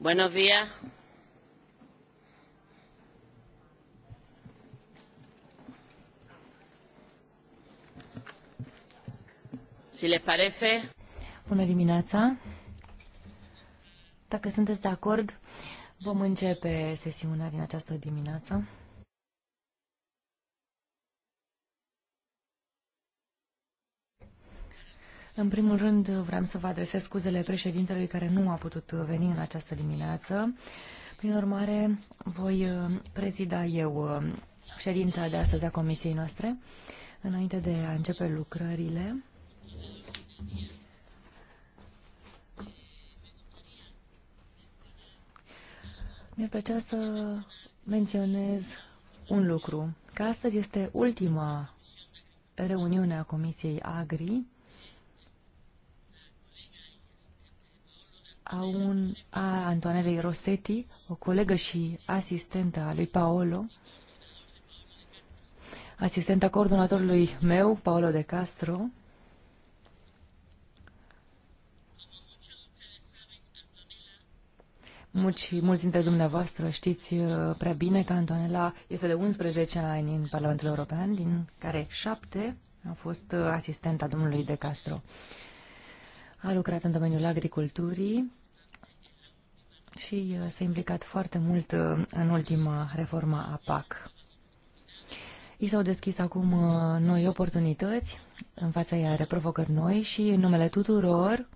Buenos días. Si les parece. Bună dimineața. Dacă sunteți de acord, vom începe sesiunea din această dimineață. În primul rând, vreau să vă adresez scuzele președintelui care nu a putut veni în această dimineață. Prin urmare, voi uh, prezida eu uh, ședința de astăzi a comisiei noastre, înainte de a începe lucrările. Mi-ar plăcea să menționez un lucru, că astăzi este ultima reuniune a Comisiei Agri, a, un, a Antoanelei Rossetti, o colegă și asistentă a lui Paolo, asistenta coordonatorului meu, Paolo de Castro, Mulți, mulți dintre dumneavoastră știți uh, prea bine că Antonella este de 11 ani în Parlamentul European, din care 7 a fost uh, asistenta domnului De Castro. A lucrat în domeniul agriculturii, și uh, s-a implicat foarte mult uh, în ultima reformă a PAC. I s-au deschis acum uh, noi oportunități, în fața ei, are provocări noi și în numele tuturor,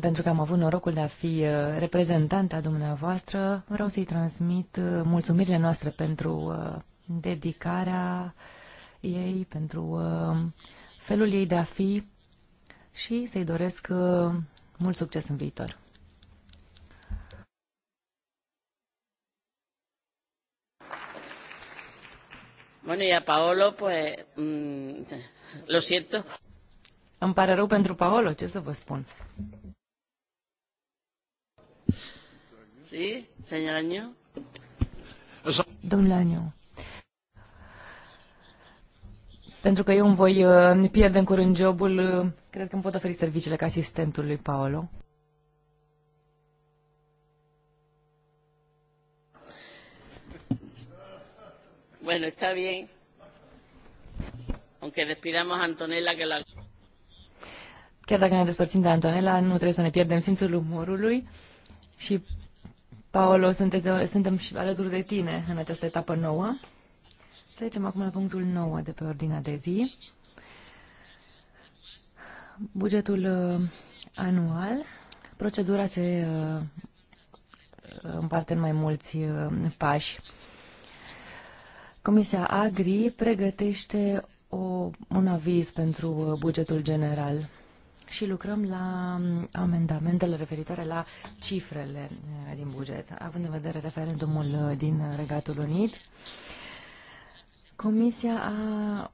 pentru că am avut norocul de a fi reprezentanta dumneavoastră, vreau să-i transmit mulțumirile noastre pentru dedicarea ei, pentru felul ei de a fi și să-i doresc mult succes în viitor. Bueno, y a Paolo, pues, mmm, lo siento. Îmi pare rău pentru Paolo, ce să vă spun? Sí, señor Año. Domnule Año, pentru că eu îmi voi uh, pierde în curând jobul, uh, cred că îmi pot oferi serviciile ca asistentul lui Paolo. Bueno, está bien. Aunque despidamos a Antonella que la... Chiar dacă ne despărțim de Antonella, nu trebuie să ne pierdem simțul umorului și Paolo, sunteți, suntem și alături de tine în această etapă nouă. Trecem acum la punctul 9 de pe ordinea de zi. Bugetul uh, anual. Procedura se uh, împarte în mai mulți uh, pași. Comisia Agri pregătește o, un aviz pentru uh, bugetul general și lucrăm la um, amendamentele referitoare la cifrele uh, din buget, având în vedere referendumul uh, din Regatul Unit. Comisia a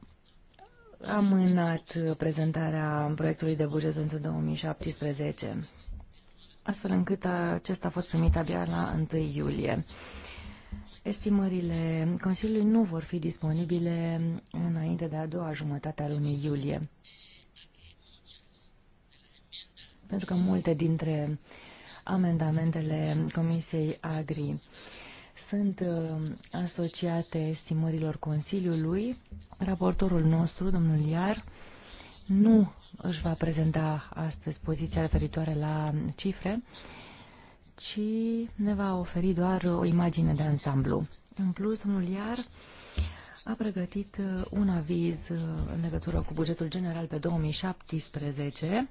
amânat prezentarea proiectului de buget pentru 2017, astfel încât acesta a fost primit abia la 1 iulie. Estimările Consiliului nu vor fi disponibile înainte de a doua jumătate a lunii iulie. Pentru că multe dintre amendamentele Comisiei Agri sunt uh, asociate estimărilor Consiliului. Raportorul nostru, domnul Iar, nu își va prezenta astăzi poziția referitoare la cifre, ci ne va oferi doar o imagine de ansamblu. În plus, unul Iar a pregătit uh, un aviz uh, în legătură cu bugetul general pe 2017,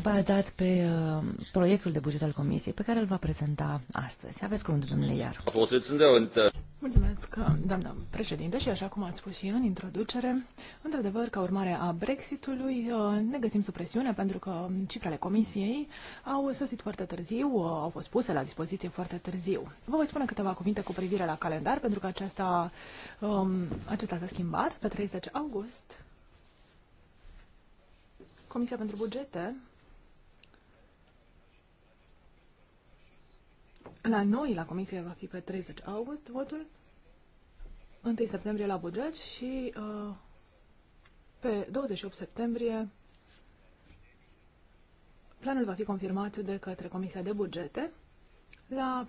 bazat pe uh, proiectul de buget al Comisiei, pe care îl va prezenta astăzi. Aveți cuvântul, domnule Iar. Mulțumesc, doamna președinte, și așa cum ați spus și în introducere, într-adevăr, ca urmare a Brexitului, uh, ne găsim sub presiune pentru că cifrele Comisiei au sosit foarte târziu, uh, au fost puse la dispoziție foarte târziu. Vă voi spune câteva cuvinte cu privire la calendar, pentru că acesta, um, acesta s-a schimbat pe 30 august. Comisia pentru bugete La noi, la comisie, va fi pe 30 august votul, 1 septembrie la buget și uh, pe 28 septembrie planul va fi confirmat de către Comisia de Bugete. La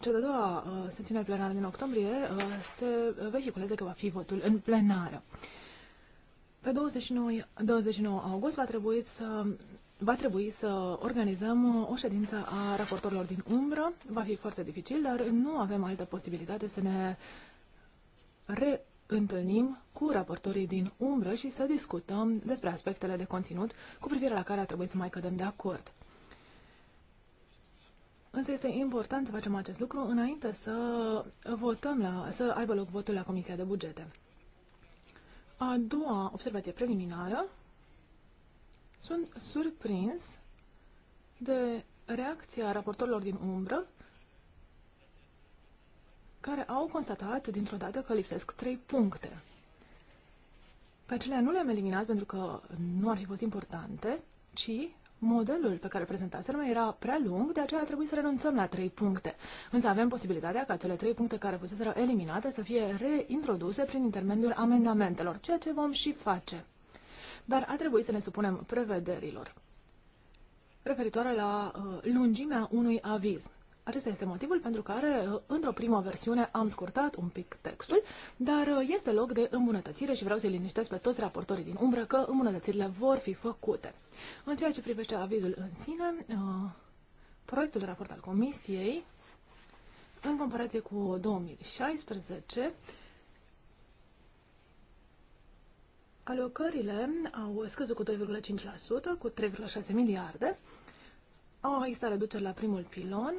cea de-a doua uh, sesiune plenară din octombrie uh, se vehiculeze că va fi votul în plenară. Pe 29, 29 august va trebui să va trebui să organizăm uh, o ședință a raportorilor din umbră. Va fi foarte dificil, dar nu avem altă posibilitate să ne reîntâlnim cu raportorii din umbră și să discutăm despre aspectele de conținut cu privire la care ar trebui să mai cădem de acord. Însă este important să facem acest lucru înainte să votăm la, să aibă loc votul la Comisia de Bugete. A doua observație preliminară sunt surprins de reacția raportorilor din umbră care au constatat dintr-o dată că lipsesc trei puncte. Pe acelea nu le-am eliminat pentru că nu ar fi fost importante, ci modelul pe care prezentaserăm era prea lung, de aceea a trebuit să renunțăm la trei puncte. Însă avem posibilitatea ca cele trei puncte care fuseseră eliminate să fie reintroduse prin intermediul amendamentelor, ceea ce vom și face dar ar trebui să ne supunem prevederilor referitoare la uh, lungimea unui aviz. Acesta este motivul pentru care, uh, într-o primă versiune, am scurtat un pic textul, dar uh, este loc de îmbunătățire și vreau să-i liniștesc pe toți raportorii din umbră că îmbunătățirile vor fi făcute. În ceea ce privește avizul în sine, proiectul de raport al Comisiei, în comparație cu 2016, Alocările au scăzut cu 2,5%, cu 3,6 miliarde. Au existat reduceri la primul pilon,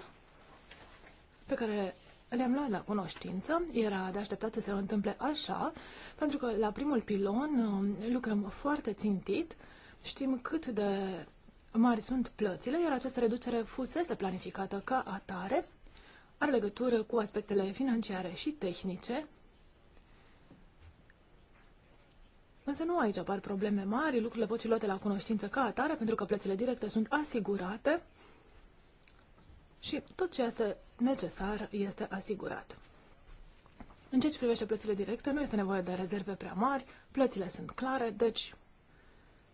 pe care le-am luat la cunoștință. Era de așteptat să se întâmple așa, pentru că la primul pilon um, lucrăm foarte țintit, știm cât de mari sunt plățile, iar această reducere fusese planificată ca atare, are legătură cu aspectele financiare și tehnice Însă nu aici apar probleme mari, lucrurile pot fi luate la cunoștință ca atare, pentru că plățile directe sunt asigurate și tot ce este necesar este asigurat. În ceea ce privește plățile directe, nu este nevoie de rezerve prea mari, plățile sunt clare, deci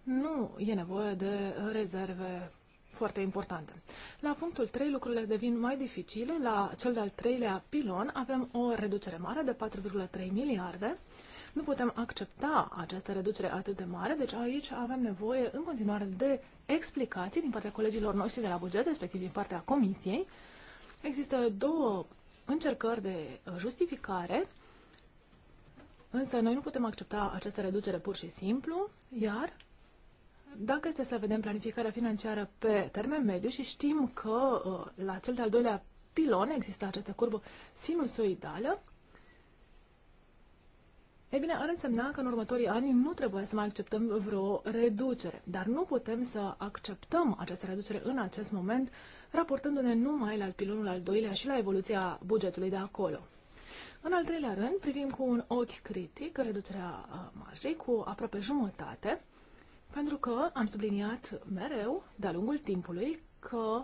nu e nevoie de rezerve foarte importante. La punctul 3 lucrurile devin mai dificile. La cel de-al treilea pilon avem o reducere mare de 4,3 miliarde nu putem accepta această reducere atât de mare, deci aici avem nevoie în continuare de explicații din partea colegilor noștri de la buget, respectiv din partea comisiei. Există două încercări de justificare, însă noi nu putem accepta această reducere pur și simplu, iar dacă este să vedem planificarea financiară pe termen mediu și știm că uh, la cel de-al doilea pilon există această curbă sinusoidală, E bine, ar însemna că în următorii ani nu trebuie să mai acceptăm vreo reducere, dar nu putem să acceptăm această reducere în acest moment, raportându-ne numai la pilonul al doilea și la evoluția bugetului de acolo. În al treilea rând, privim cu un ochi critic reducerea uh, marjei cu aproape jumătate, pentru că am subliniat mereu, de-a lungul timpului, că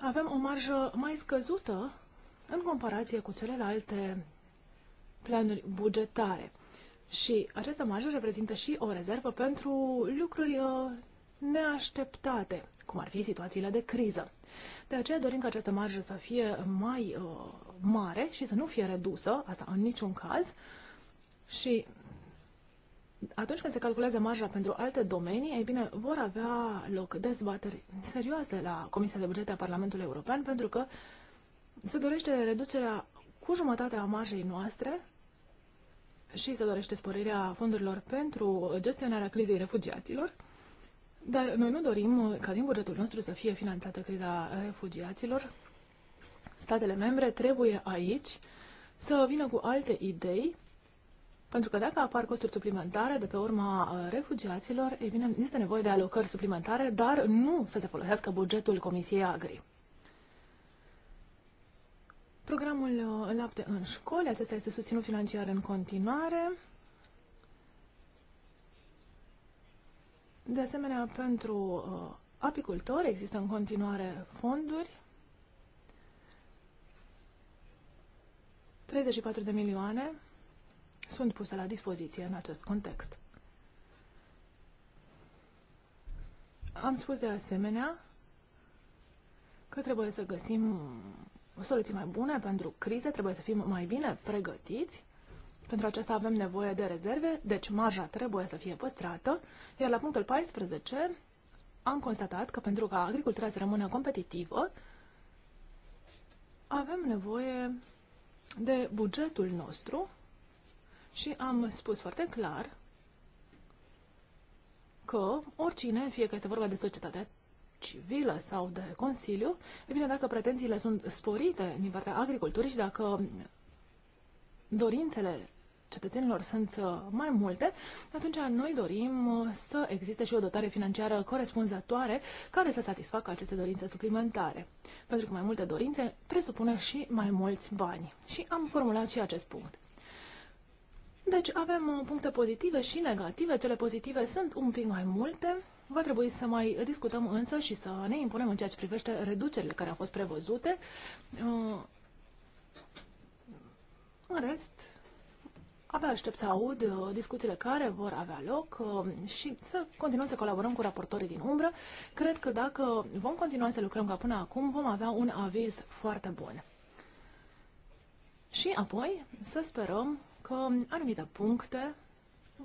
avem o marjă mai scăzută în comparație cu celelalte planuri bugetare. Și această marjă reprezintă și o rezervă pentru lucruri uh, neașteptate, cum ar fi situațiile de criză. De aceea dorim ca această marjă să fie mai uh, mare și să nu fie redusă, asta în niciun caz. Și atunci când se calculează marja pentru alte domenii, ei bine, vor avea loc dezbateri serioase la Comisia de Bugete a Parlamentului European, pentru că se dorește reducerea cu jumătatea marjei noastre și se dorește sporirea fondurilor pentru gestionarea crizei refugiaților, dar noi nu dorim ca din bugetul nostru să fie finanțată criza refugiaților. Statele membre trebuie aici să vină cu alte idei, pentru că dacă apar costuri suplimentare de pe urma uh, refugiaților, e bine, este nevoie de alocări suplimentare, dar nu să se folosească bugetul Comisiei Agri. Programul uh, Lapte în școli, acesta este susținut financiar în continuare. De asemenea, pentru uh, apicultori există în continuare fonduri. 34 de milioane sunt puse la dispoziție în acest context. Am spus de asemenea că trebuie să găsim soluții mai bune pentru crize, trebuie să fim mai bine pregătiți. Pentru aceasta avem nevoie de rezerve, deci marja trebuie să fie păstrată. Iar la punctul 14 am constatat că pentru ca agricultura să rămână competitivă, avem nevoie de bugetul nostru și am spus foarte clar că oricine, fie că este vorba de societatea civilă sau de Consiliu, e bine, dacă pretențiile sunt sporite din partea agriculturii și dacă dorințele cetățenilor sunt uh, mai multe, atunci noi dorim uh, să existe și o dotare financiară corespunzătoare care să satisfacă aceste dorințe suplimentare. Pentru că mai multe dorințe presupune și mai mulți bani. Și am formulat și acest punct. Deci avem uh, puncte pozitive și negative. Cele pozitive sunt un pic mai multe, Va trebui să mai discutăm însă și să ne impunem în ceea ce privește reducerile care au fost prevăzute. Uh, în rest, abia aștept să aud uh, discuțiile care vor avea loc uh, și să continuăm să colaborăm cu raportorii din umbră. Cred că dacă vom continua să lucrăm ca până acum, vom avea un aviz foarte bun. Și apoi să sperăm că anumite puncte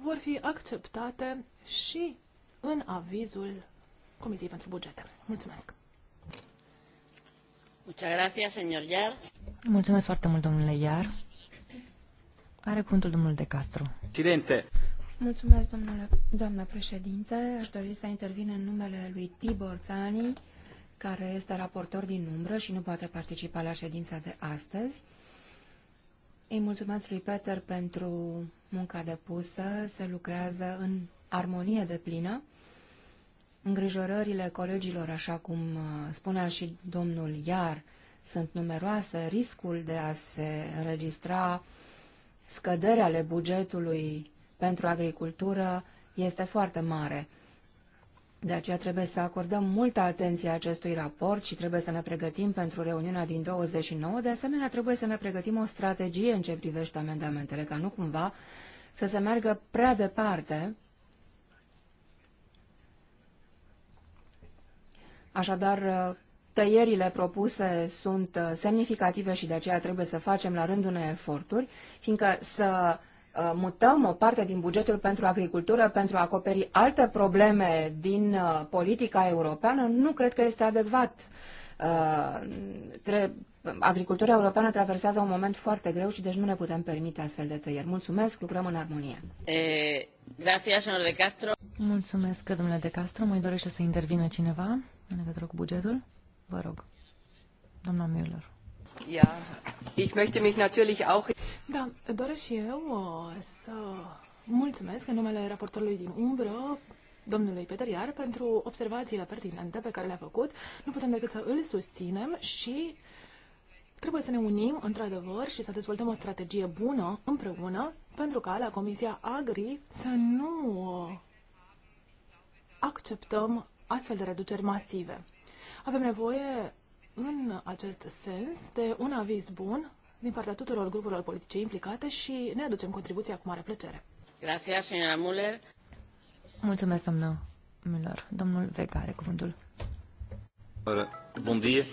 vor fi acceptate și în avizul Comisiei pentru Bugete. Mulțumesc! Mulțumesc foarte mult, domnule Iar. Are cuvântul domnul De Castro. Presidente. Mulțumesc, domnule, doamnă președinte. Aș dori să intervin în numele lui Tibor Țani, care este raportor din umbră și nu poate participa la ședința de astăzi. Îi mulțumesc lui Peter pentru munca depusă. Se lucrează în armonie de plină îngrijorările colegilor, așa cum uh, spunea și domnul Iar, sunt numeroase, riscul de a se înregistra scăderi ale bugetului pentru agricultură este foarte mare. De aceea trebuie să acordăm multă atenție acestui raport și trebuie să ne pregătim pentru reuniunea din 29. De asemenea, trebuie să ne pregătim o strategie în ce privește amendamentele, ca nu cumva să se meargă prea departe Așadar, uh, tăierile propuse sunt uh, semnificative și de aceea trebuie să facem la rândul ne eforturi, fiindcă să uh, mutăm o parte din bugetul pentru agricultură pentru a acoperi alte probleme din politica europeană, nu cred că este adecvat. Agricultura europeană traversează un moment foarte greu și deci nu ne putem permite astfel de tăieri. Mulțumesc, lucrăm în armonie. E, eh, gracias, de Castro. Mulțumesc, domnule De Castro. Mai dorește să intervină cineva? în legătură cu bugetul? Vă rog, doamna Müller. Ja, ich möchte mich natürlich auch... Da, doresc și eu uh, să mulțumesc în numele raportorului din umbră domnului Peter Iar pentru observațiile pertinente pe care le-a făcut. Nu putem decât să îl susținem și trebuie să ne unim într-adevăr și să dezvoltăm o strategie bună împreună pentru ca la Comisia Agri să nu uh, acceptăm astfel de reduceri masive. Avem nevoie în acest sens de un aviz bun din partea tuturor grupurilor politice implicate și ne aducem contribuția cu mare plăcere. Gracias, señora Muller. Mulțumesc, doamnă Muller. Domnul Vega are cuvântul. Bun dia.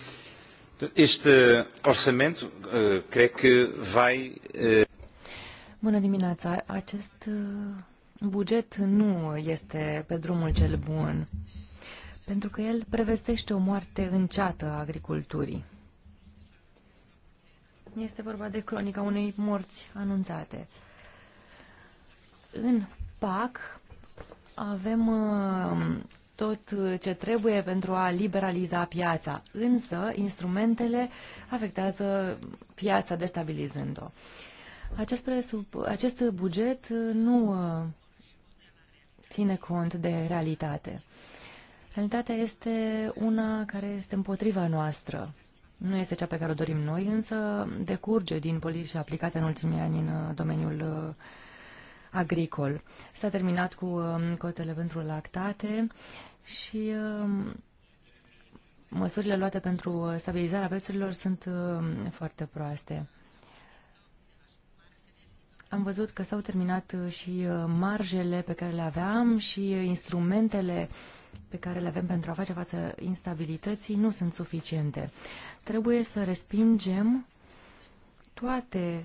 Este uh, orçamento, uh, cred că vai... Uh, Bună dimineața. Acest buget nu este pe drumul cel bun pentru că el prevestește o moarte înceată a agriculturii. Este vorba de cronica unei morți anunțate. În PAC avem uh, tot ce trebuie pentru a liberaliza piața, însă instrumentele afectează piața destabilizând-o. Acest, acest buget uh, nu uh, ține cont de realitate. Realitatea este una care este împotriva noastră. Nu este cea pe care o dorim noi, însă decurge din politici aplicate în ultimii ani în uh, domeniul uh, agricol. S-a terminat cu um, cotele pentru lactate și um, măsurile luate pentru uh, stabilizarea prețurilor sunt um, foarte proaste. Am văzut că s-au terminat și marjele pe care le aveam și instrumentele pe care le avem pentru a face față instabilității nu sunt suficiente. Trebuie să respingem toate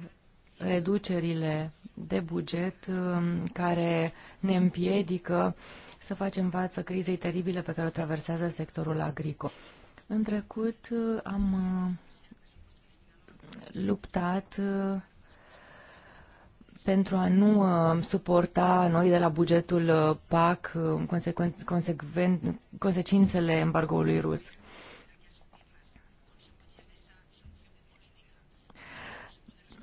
reducerile de buget um, care ne împiedică să facem față crizei teribile pe care o traversează sectorul agricol. În trecut uh, am uh, luptat uh, pentru a nu uh, suporta noi de la bugetul uh, PAC uh, consecven, consecven, consecințele embargoului rus.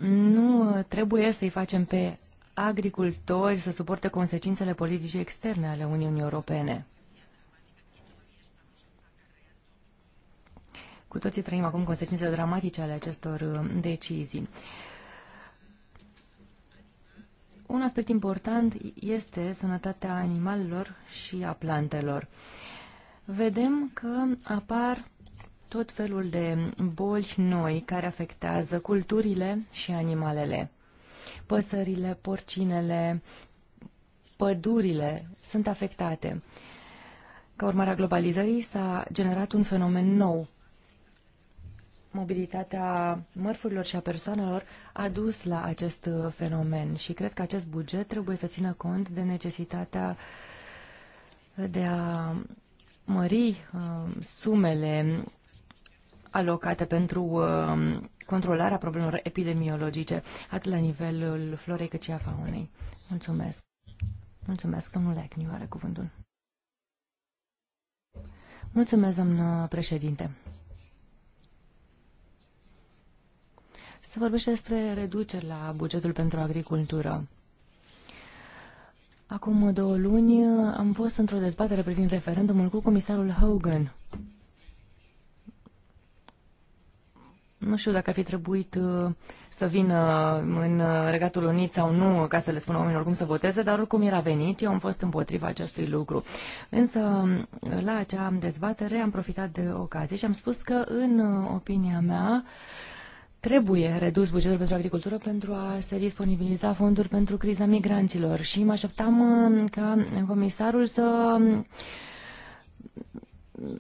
Nu uh, trebuie să-i facem pe agricultori să suporte consecințele politicii externe ale Uniunii Europene. Cu toții trăim acum consecințe dramatice ale acestor uh, decizii. Uh, un aspect important este sănătatea animalelor și a plantelor. Vedem că apar tot felul de boli noi care afectează culturile și animalele. Păsările, porcinele, pădurile sunt afectate. Ca urmare a globalizării s-a generat un fenomen nou, mobilitatea mărfurilor și a persoanelor a dus la acest uh, fenomen și cred că acest buget trebuie să țină cont de necesitatea de a mări uh, sumele alocate pentru uh, controlarea problemelor epidemiologice, atât la nivelul florei cât și a faunei. Mulțumesc. Mulțumesc, domnule Acniu, are cuvântul. Mulțumesc, domnul președinte. Se vorbește despre reduceri la bugetul pentru agricultură. Acum două luni am fost într-o dezbatere privind referendumul cu comisarul Hogan. Nu știu dacă ar fi trebuit uh, să vină în Regatul Unit sau nu, ca să le spun oamenilor cum să voteze, dar oricum era venit, eu am fost împotriva acestui lucru. Însă, la acea dezbatere am profitat de ocazie și am spus că, în opinia mea, trebuie redus bugetul pentru agricultură pentru a se disponibiliza fonduri pentru criza migranților și mă așteptam uh, ca comisarul să um,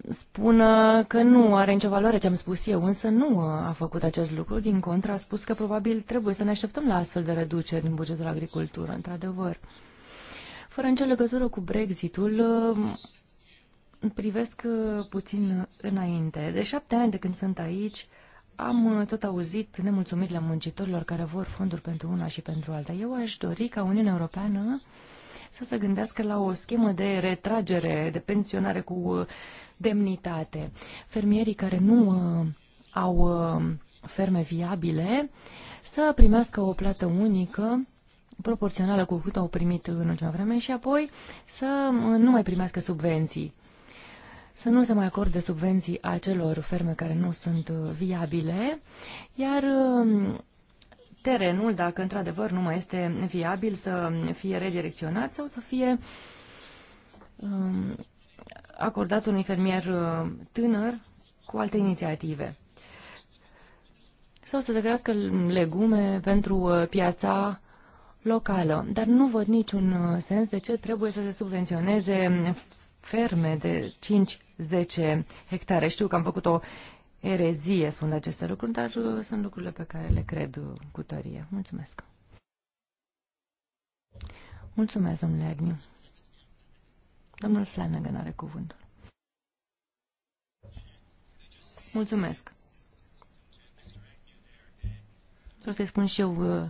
spună că nu are nicio valoare ce am spus eu, însă nu uh, a făcut acest lucru. Din contră, a spus că probabil trebuie să ne așteptăm la astfel de reduceri în bugetul agricultură, într-adevăr. Fără nicio legătură cu Brexitul, um, privesc uh, puțin înainte. De șapte ani de când sunt aici, am uh, tot auzit nemulțumirile la muncitorilor care vor fonduri pentru una și pentru alta. Eu aș dori ca Uniunea Europeană să se gândească la o schemă de retragere, de pensionare cu uh, demnitate. Fermierii care nu uh, au ferme viabile să primească o plată unică proporțională cu cât au primit în ultima vreme și apoi să nu mai primească subvenții să nu se mai acorde subvenții acelor ferme care nu sunt uh, viabile, iar um, terenul, dacă într-adevăr nu mai este viabil, să fie redirecționat sau să fie um, acordat unui fermier uh, tânăr cu alte inițiative. Sau să se crească legume pentru uh, piața locală. Dar nu văd niciun sens de ce trebuie să se subvenționeze ferme de 5-10 hectare. Știu că am făcut o erezie, spun aceste lucruri, dar uh, sunt lucrurile pe care le cred uh, cu tărie. Mulțumesc! Mulțumesc, domnule Agniu. Domnul Flanagan are cuvântul. Mulțumesc. Vreau să-i spun și eu uh,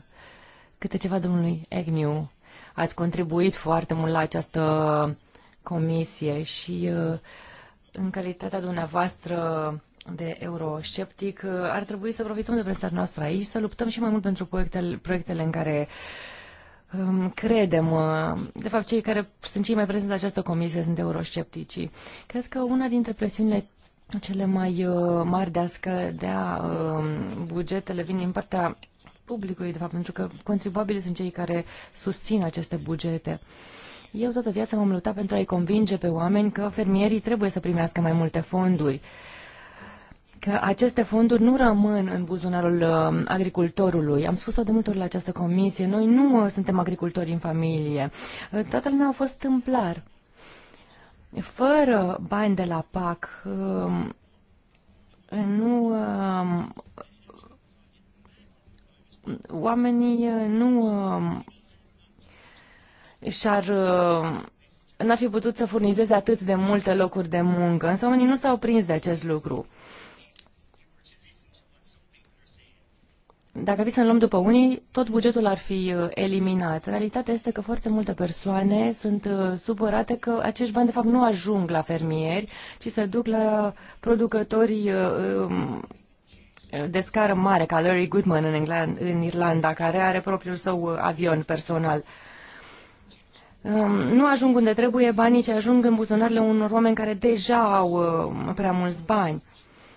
câte ceva domnului Agniu. Ați contribuit foarte mult la această comisie și uh, în calitatea dumneavoastră de eurosceptic, uh, ar trebui să profităm de prezența noastră aici, să luptăm și mai mult pentru proiectele, proiectele în care um, credem. Uh, de fapt, cei care sunt cei mai prezenți în această comisie sunt eurosceptici. Cred că una dintre presiunile cele mai mari de a scădea um, bugetele vin din partea publicului, de fapt, pentru că contribuabilii sunt cei care susțin aceste bugete. Uh, eu toată viața m-am luptat pentru a-i convinge pe oameni că fermierii trebuie să primească mai multe fonduri că aceste fonduri nu rămân în buzunarul uh, agricultorului. Am spus-o de multe ori la această comisie. Noi nu uh, suntem agricultori în familie. Uh, toată lumea a fost tâmplar. Fără bani de la PAC, um, nu um, oamenii nu um, și-ar uh, n-ar fi putut să furnizeze atât de multe locuri de muncă, însă oamenii nu s-au prins de acest lucru. Dacă vi să luăm după unii, tot bugetul ar fi uh, eliminat. Realitatea este că foarte multe persoane sunt uh, supărate că acești bani de fapt nu ajung la fermieri, ci se duc la producătorii um, de scară mare, ca Larry Goodman în, England, în Irlanda, care are propriul său avion personal. Uh, Um, nu ajung unde trebuie banii, ci ajung în buzunarele unor oameni care deja au uh, prea mulți bani.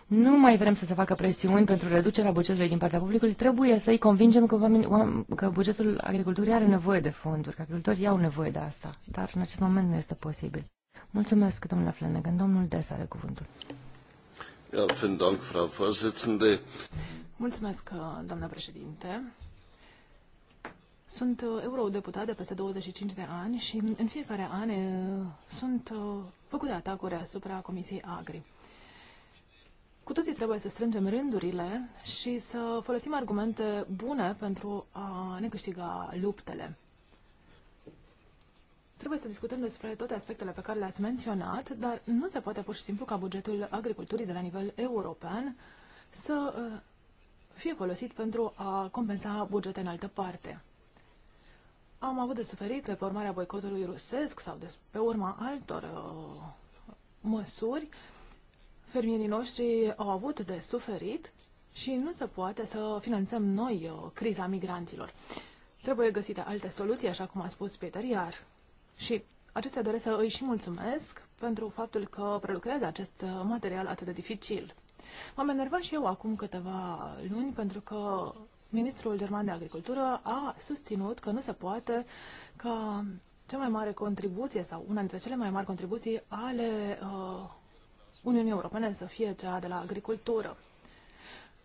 Nu mai vrem să se facă presiuni pentru reducerea bugetului din partea publicului. Trebuie să-i convingem că, oameni, că bugetul agriculturii are nevoie de fonduri, că agricultorii au nevoie de asta. Dar în acest moment nu este posibil. Mulțumesc, domnule Flanagan. Domnul Des are cuvântul. Mulțumesc, uh, doamnă președinte. Sunt uh, eurodeputat de peste 25 de ani și în fiecare an uh, sunt uh, făcute atacuri asupra Comisiei Agri. Cu toții trebuie să strângem rândurile și să folosim argumente bune pentru a ne câștiga luptele. Trebuie să discutăm despre toate aspectele pe care le-ați menționat, dar nu se poate pur și simplu ca bugetul agriculturii de la nivel european să fie folosit pentru a compensa bugete în altă parte am avut de suferit pe urmarea boicotului rusesc sau de, pe urma altor uh, măsuri. Fermierii noștri au avut de suferit și nu se poate să finanțăm noi uh, criza migranților. Trebuie găsite alte soluții, așa cum a spus Peter Iar. Și acestea doresc să îi și mulțumesc pentru faptul că prelucrează acest uh, material atât de dificil. M-am enervat și eu acum câteva luni pentru că ministrul german de agricultură a susținut că nu se poate ca cea mai mare contribuție sau una dintre cele mai mari contribuții ale uh, Uniunii Europene să fie cea de la agricultură.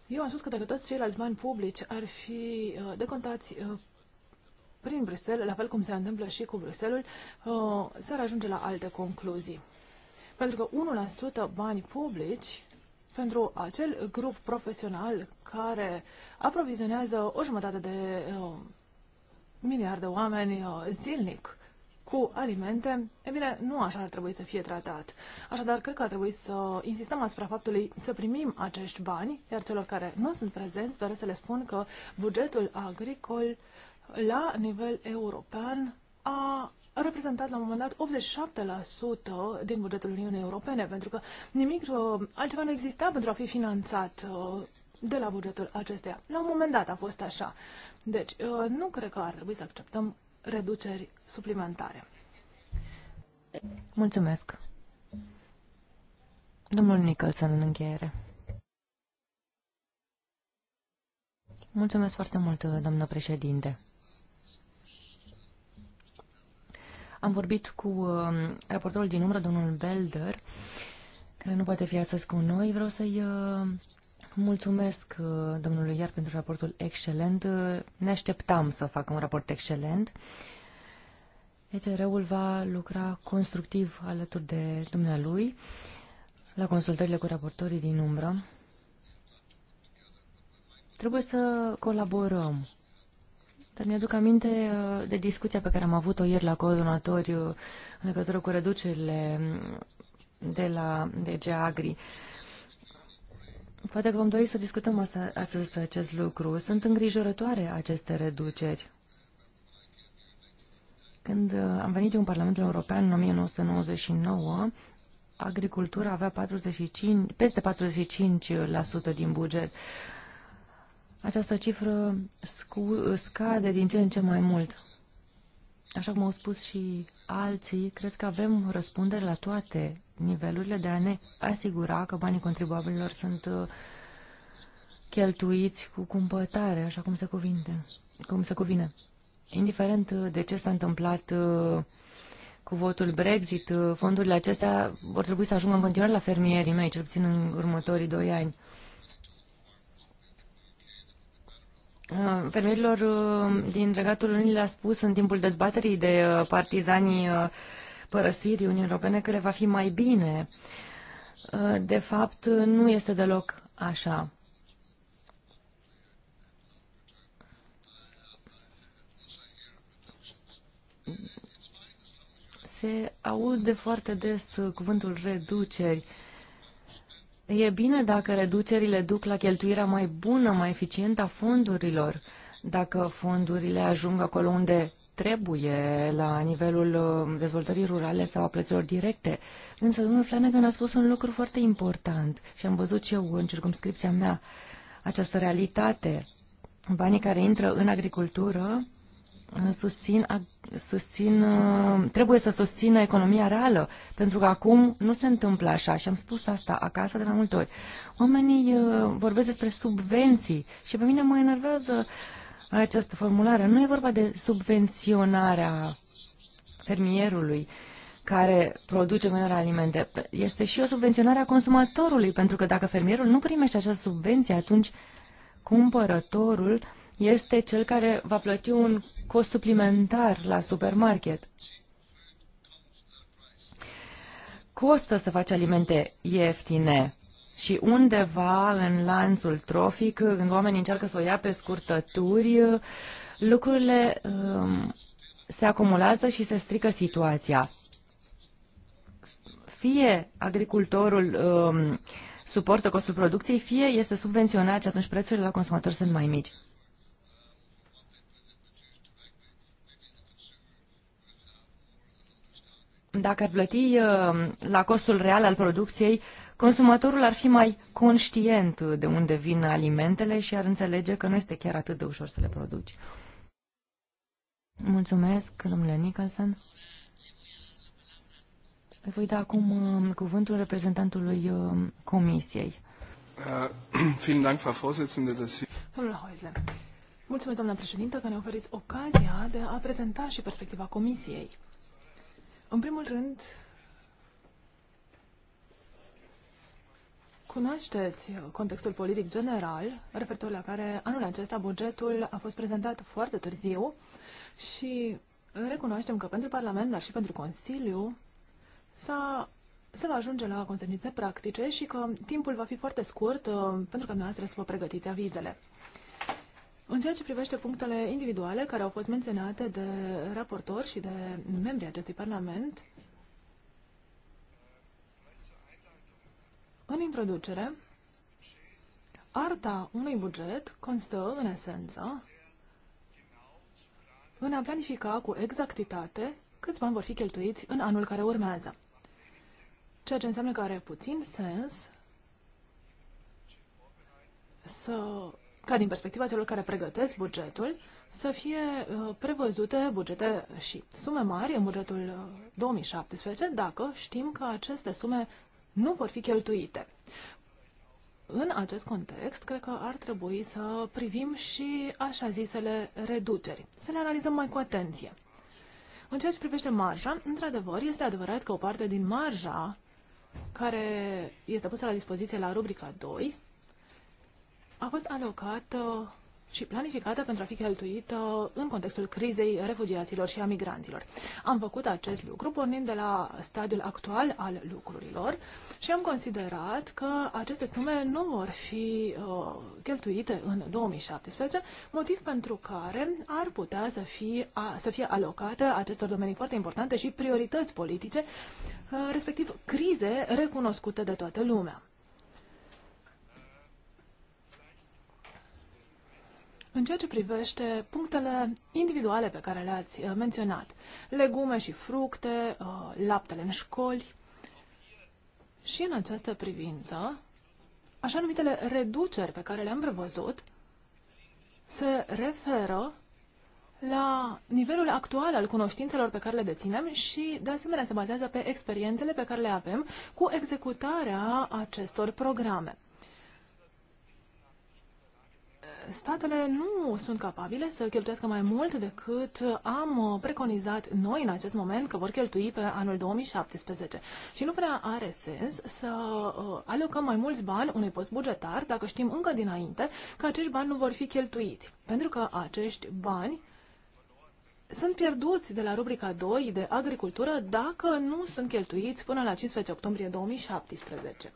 Eu am spus că dacă toți ceilalți bani publici ar fi uh, decontați uh, prin Bruxelles, la fel cum se întâmplă și cu Bruxelles, uh, s-ar ajunge la alte concluzii. Pentru că 1% bani publici pentru acel grup profesional care aprovizionează o jumătate de uh, miliard de oameni uh, zilnic cu alimente, e bine, nu așa ar trebui să fie tratat. Așadar, cred că ar trebui să insistăm asupra faptului să primim acești bani, iar celor care nu sunt prezenți doresc să le spun că bugetul agricol la nivel european a a reprezentat la un moment dat 87% din bugetul Uniunii Europene, pentru că nimic uh, altceva nu exista pentru a fi finanțat uh, de la bugetul acesteia. La un moment dat a fost așa. Deci, uh, nu cred că ar trebui să acceptăm reduceri suplimentare. Mulțumesc. Domnul Nicholson, în încheiere. Mulțumesc foarte mult, doamnă președinte. Am vorbit cu um, raportorul din umbră, domnul Belder, care nu poate fi astăzi cu noi. Vreau să-i uh, mulțumesc uh, domnului Iar pentru raportul excelent. Ne așteptam să facă un raport excelent. ECR-ul va lucra constructiv alături de dumnealui la consultările cu raportorii din umbră. Trebuie să colaborăm dar mi-aduc aminte uh, de discuția pe care am avut-o ieri la coordonatoriu în legătură cu reducerile mm, de la DG Agri. Poate că vom dori să discutăm astăzi despre acest lucru. Sunt îngrijorătoare aceste reduceri. Când uh, am venit eu în Parlamentul European în 1999, agricultura avea 45, peste 45% din buget. Această cifră scade din ce în ce mai mult. Așa cum au spus și alții, cred că avem răspundere la toate nivelurile de a ne asigura că banii contribuabililor sunt uh, cheltuiți cu cumpătare, așa cum se cuvinte, cum se cuvine. Indiferent uh, de ce s-a întâmplat uh, cu votul Brexit, fondurile acestea vor trebui să ajungă în continuare la fermierii mei, cel puțin în următorii doi ani. Uh, fermierilor uh, din Regatul Unii le-a spus în timpul dezbaterii de uh, partizanii părăsirii Uniunii Europene că le va fi mai bine. De fapt, nu este deloc așa. Se aude foarte des cuvântul reduceri. Uh, E bine dacă reducerile duc la cheltuirea mai bună, mai eficientă a fondurilor, dacă fondurile ajung acolo unde trebuie, la nivelul uh, dezvoltării rurale sau a plăților directe. Însă domnul Flanagan a spus un lucru foarte important și am văzut și eu în circumscripția mea această realitate. Banii care intră în agricultură susțin, susțin, uh, trebuie să susțină economia reală, pentru că acum nu se întâmplă așa și am spus asta acasă de mai multe ori. Oamenii uh, vorbesc despre subvenții și pe mine mă enervează această formulare. Nu e vorba de subvenționarea fermierului care produce mâinile alimente. Este și o subvenționare a consumatorului, pentru că dacă fermierul nu primește această subvenție, atunci cumpărătorul uh, este cel care va plăti un cost suplimentar la supermarket. Costă să faci alimente ieftine și undeva în lanțul trofic, când oamenii încearcă să o ia pe scurtături, lucrurile um, se acumulează și se strică situația. Fie agricultorul um, suportă costul producției, fie este subvenționat și atunci prețurile la consumatori sunt mai mici. dacă ar plăti uh, la costul real al producției, consumatorul ar fi mai conștient de unde vin alimentele și ar înțelege că nu este chiar atât de ușor să le produci. Mulțumesc, domnule Nicholson. Voi da acum uh, cuvântul reprezentantului uh, Comisiei. Domnule mulțumesc, doamna președintă, că ne oferiți ocazia de a prezenta și perspectiva Comisiei. În primul rând, Cunoașteți contextul politic general, referitor la care anul acesta bugetul a fost prezentat foarte târziu și recunoaștem că pentru Parlament, dar și pentru Consiliu, s-a, se va ajunge la consecințe practice și că timpul va fi foarte scurt uh, pentru că dumneavoastră să vă pregătiți avizele. În ceea ce privește punctele individuale care au fost menționate de raportor și de membrii acestui Parlament, în introducere, arta unui buget constă, în esență, în a planifica cu exactitate câți bani vor fi cheltuiți în anul care urmează. Ceea ce înseamnă că are puțin sens să ca din perspectiva celor care pregătesc bugetul, să fie uh, prevăzute bugete și sume mari în bugetul 2017, uh, dacă știm că aceste sume nu vor fi cheltuite. În acest context, cred că ar trebui să privim și așa zisele reduceri, să le analizăm mai cu atenție. În ceea ce privește marja, într-adevăr, este adevărat că o parte din marja care este pusă la dispoziție la rubrica 2 a fost alocată și planificată pentru a fi cheltuită în contextul crizei refugiaților și a migranților. Am făcut acest lucru pornind de la stadiul actual al lucrurilor și am considerat că aceste sume nu vor fi uh, cheltuite în 2017, motiv pentru care ar putea să fie, a, să fie alocată acestor domenii foarte importante și priorități politice, uh, respectiv crize recunoscute de toată lumea. În ceea ce privește punctele individuale pe care le-ați uh, menționat, legume și fructe, uh, laptele în școli, și în această privință, așa numitele reduceri pe care le-am prevăzut se referă la nivelul actual al cunoștințelor pe care le deținem și, de asemenea, se bazează pe experiențele pe care le avem cu executarea acestor programe. statele nu sunt capabile să cheltuiască mai mult decât am preconizat noi în acest moment că vor cheltui pe anul 2017. Și nu prea are sens să uh, alocăm mai mulți bani unui post bugetar dacă știm încă dinainte că acești bani nu vor fi cheltuiți. Pentru că acești bani sunt pierduți de la rubrica 2 de agricultură dacă nu sunt cheltuiți până la 15 octombrie 2017.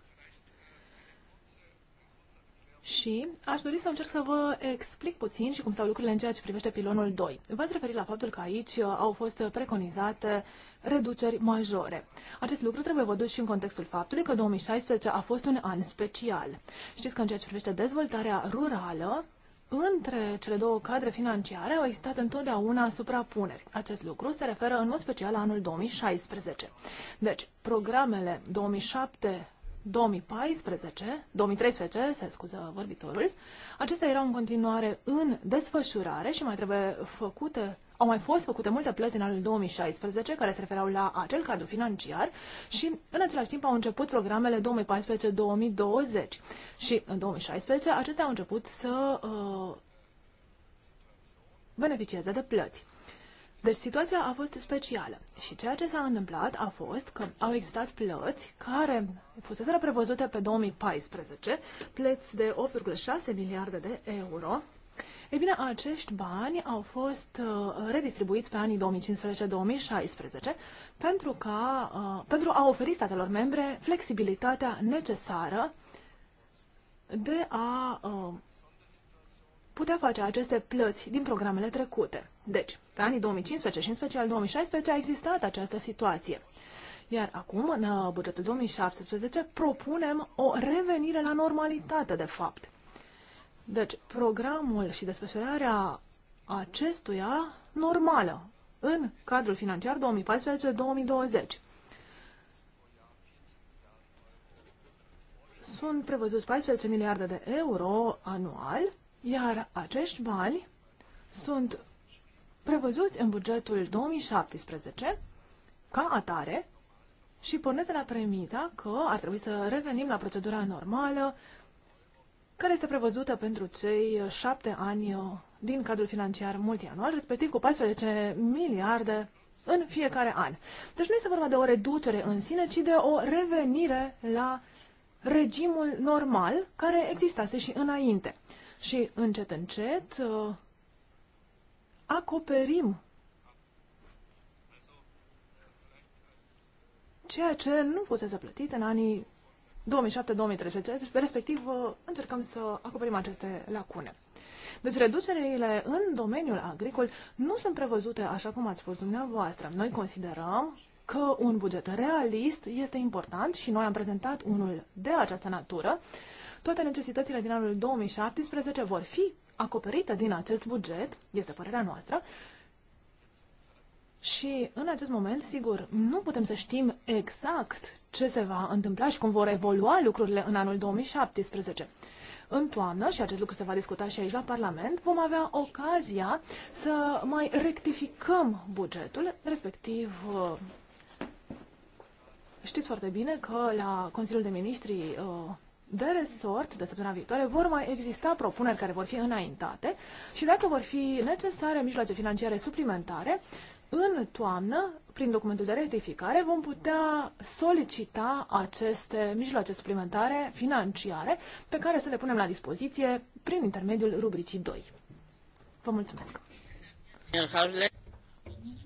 Și aș dori să încerc să vă explic puțin și cum stau lucrurile în ceea ce privește pilonul 2. V-ați referit la faptul că aici uh, au fost preconizate reduceri majore. Acest lucru trebuie văzut și în contextul faptului că 2016 a fost un an special. Știți că în ceea ce privește dezvoltarea rurală, între cele două cadre financiare au existat întotdeauna suprapuneri. Acest lucru se referă în mod special la anul 2016. Deci, programele 2007 2014, 2013, se scuză vorbitorul, acestea erau în continuare în desfășurare și mai trebuie făcute au mai fost făcute multe plăți în anul 2016 care se referau la acel cadru financiar și în același timp au început programele 2014-2020 și în 2016 acestea au început să uh, beneficieze de plăți. Deci situația a fost specială și ceea ce s-a întâmplat a fost că au existat plăți care fuseseră prevăzute pe 2014, plăți de 8,6 miliarde de euro. Ei bine, acești bani au fost uh, redistribuiți pe anii 2015-2016 pentru, ca, uh, pentru a oferi statelor membre flexibilitatea necesară de a uh, putea face aceste plăți din programele trecute. Deci, pe anii 2015, în special 2016 a existat această situație. Iar acum, în uh, bugetul 2017, propunem o revenire la normalitate, de fapt. Deci, programul și desfășurarea acestuia normală în cadrul financiar 2014-2020. Sunt prevăzuți 14 miliarde de euro anual iar acești bani sunt prevăzuți în bugetul 2017 ca atare și pornesc de la premiza că ar trebui să revenim la procedura normală care este prevăzută pentru cei șapte ani din cadrul financiar multianual, respectiv cu 14 miliarde în fiecare an. Deci nu este vorba de o reducere în sine, ci de o revenire la regimul normal care existase și înainte și încet, încet uh, acoperim ceea ce nu fusese plătit în anii 2007-2013, respectiv uh, încercăm să acoperim aceste lacune. Deci reducerile în domeniul agricol nu sunt prevăzute așa cum ați spus dumneavoastră. Noi considerăm că un buget realist este important și noi am prezentat unul de această natură toate necesitățile din anul 2017 vor fi acoperite din acest buget, este părerea noastră, și în acest moment, sigur, nu putem să știm exact ce se va întâmpla și cum vor evolua lucrurile în anul 2017. În toamnă, și acest lucru se va discuta și aici la Parlament, vom avea ocazia să mai rectificăm bugetul, respectiv Știți foarte bine că la Consiliul de Ministri uh, de resort de săptămâna viitoare vor mai exista propuneri care vor fi înaintate și dacă vor fi necesare mijloace financiare suplimentare, în toamnă, prin documentul de rectificare, vom putea solicita aceste mijloace suplimentare financiare pe care să le punem la dispoziție prin intermediul rubricii 2. Vă mulțumesc!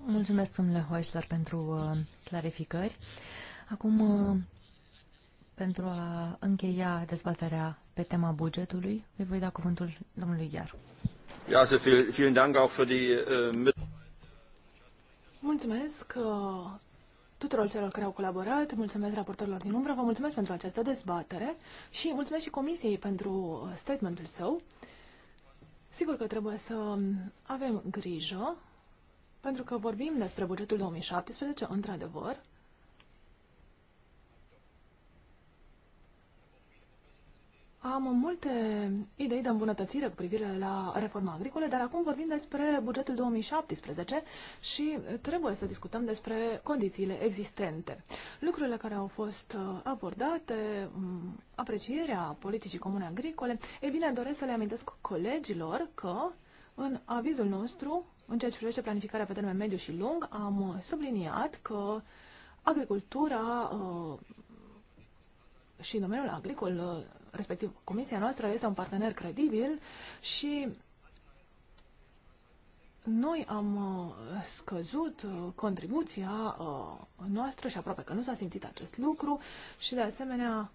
Mulțumesc, domnule Hoisler, pentru uh, clarificări. Acum uh, pentru a încheia dezbaterea pe tema bugetului, îi voi da cuvântul domnului Iar. Äh, mulțumesc uh, tuturor celor care au colaborat, mulțumesc raportorilor din umbră, vă mulțumesc pentru această dezbatere și mulțumesc și Comisiei pentru statementul său. Sigur că trebuie să avem grijă, pentru că vorbim despre bugetul 2017, într-adevăr, Am multe idei de îmbunătățire cu privire la reforma agricole, dar acum vorbim despre bugetul 2017 și trebuie să discutăm despre condițiile existente. Lucrurile care au fost uh, abordate, mm, aprecierea politicii comune agricole, e bine, doresc să le amintesc colegilor că în avizul nostru, în ceea ce privește planificarea pe termen mediu și lung, am subliniat că agricultura uh, și domeniul agricol uh, respectiv comisia noastră, este un partener credibil și noi am uh, scăzut uh, contribuția uh, noastră și aproape că nu s-a simțit acest lucru și de asemenea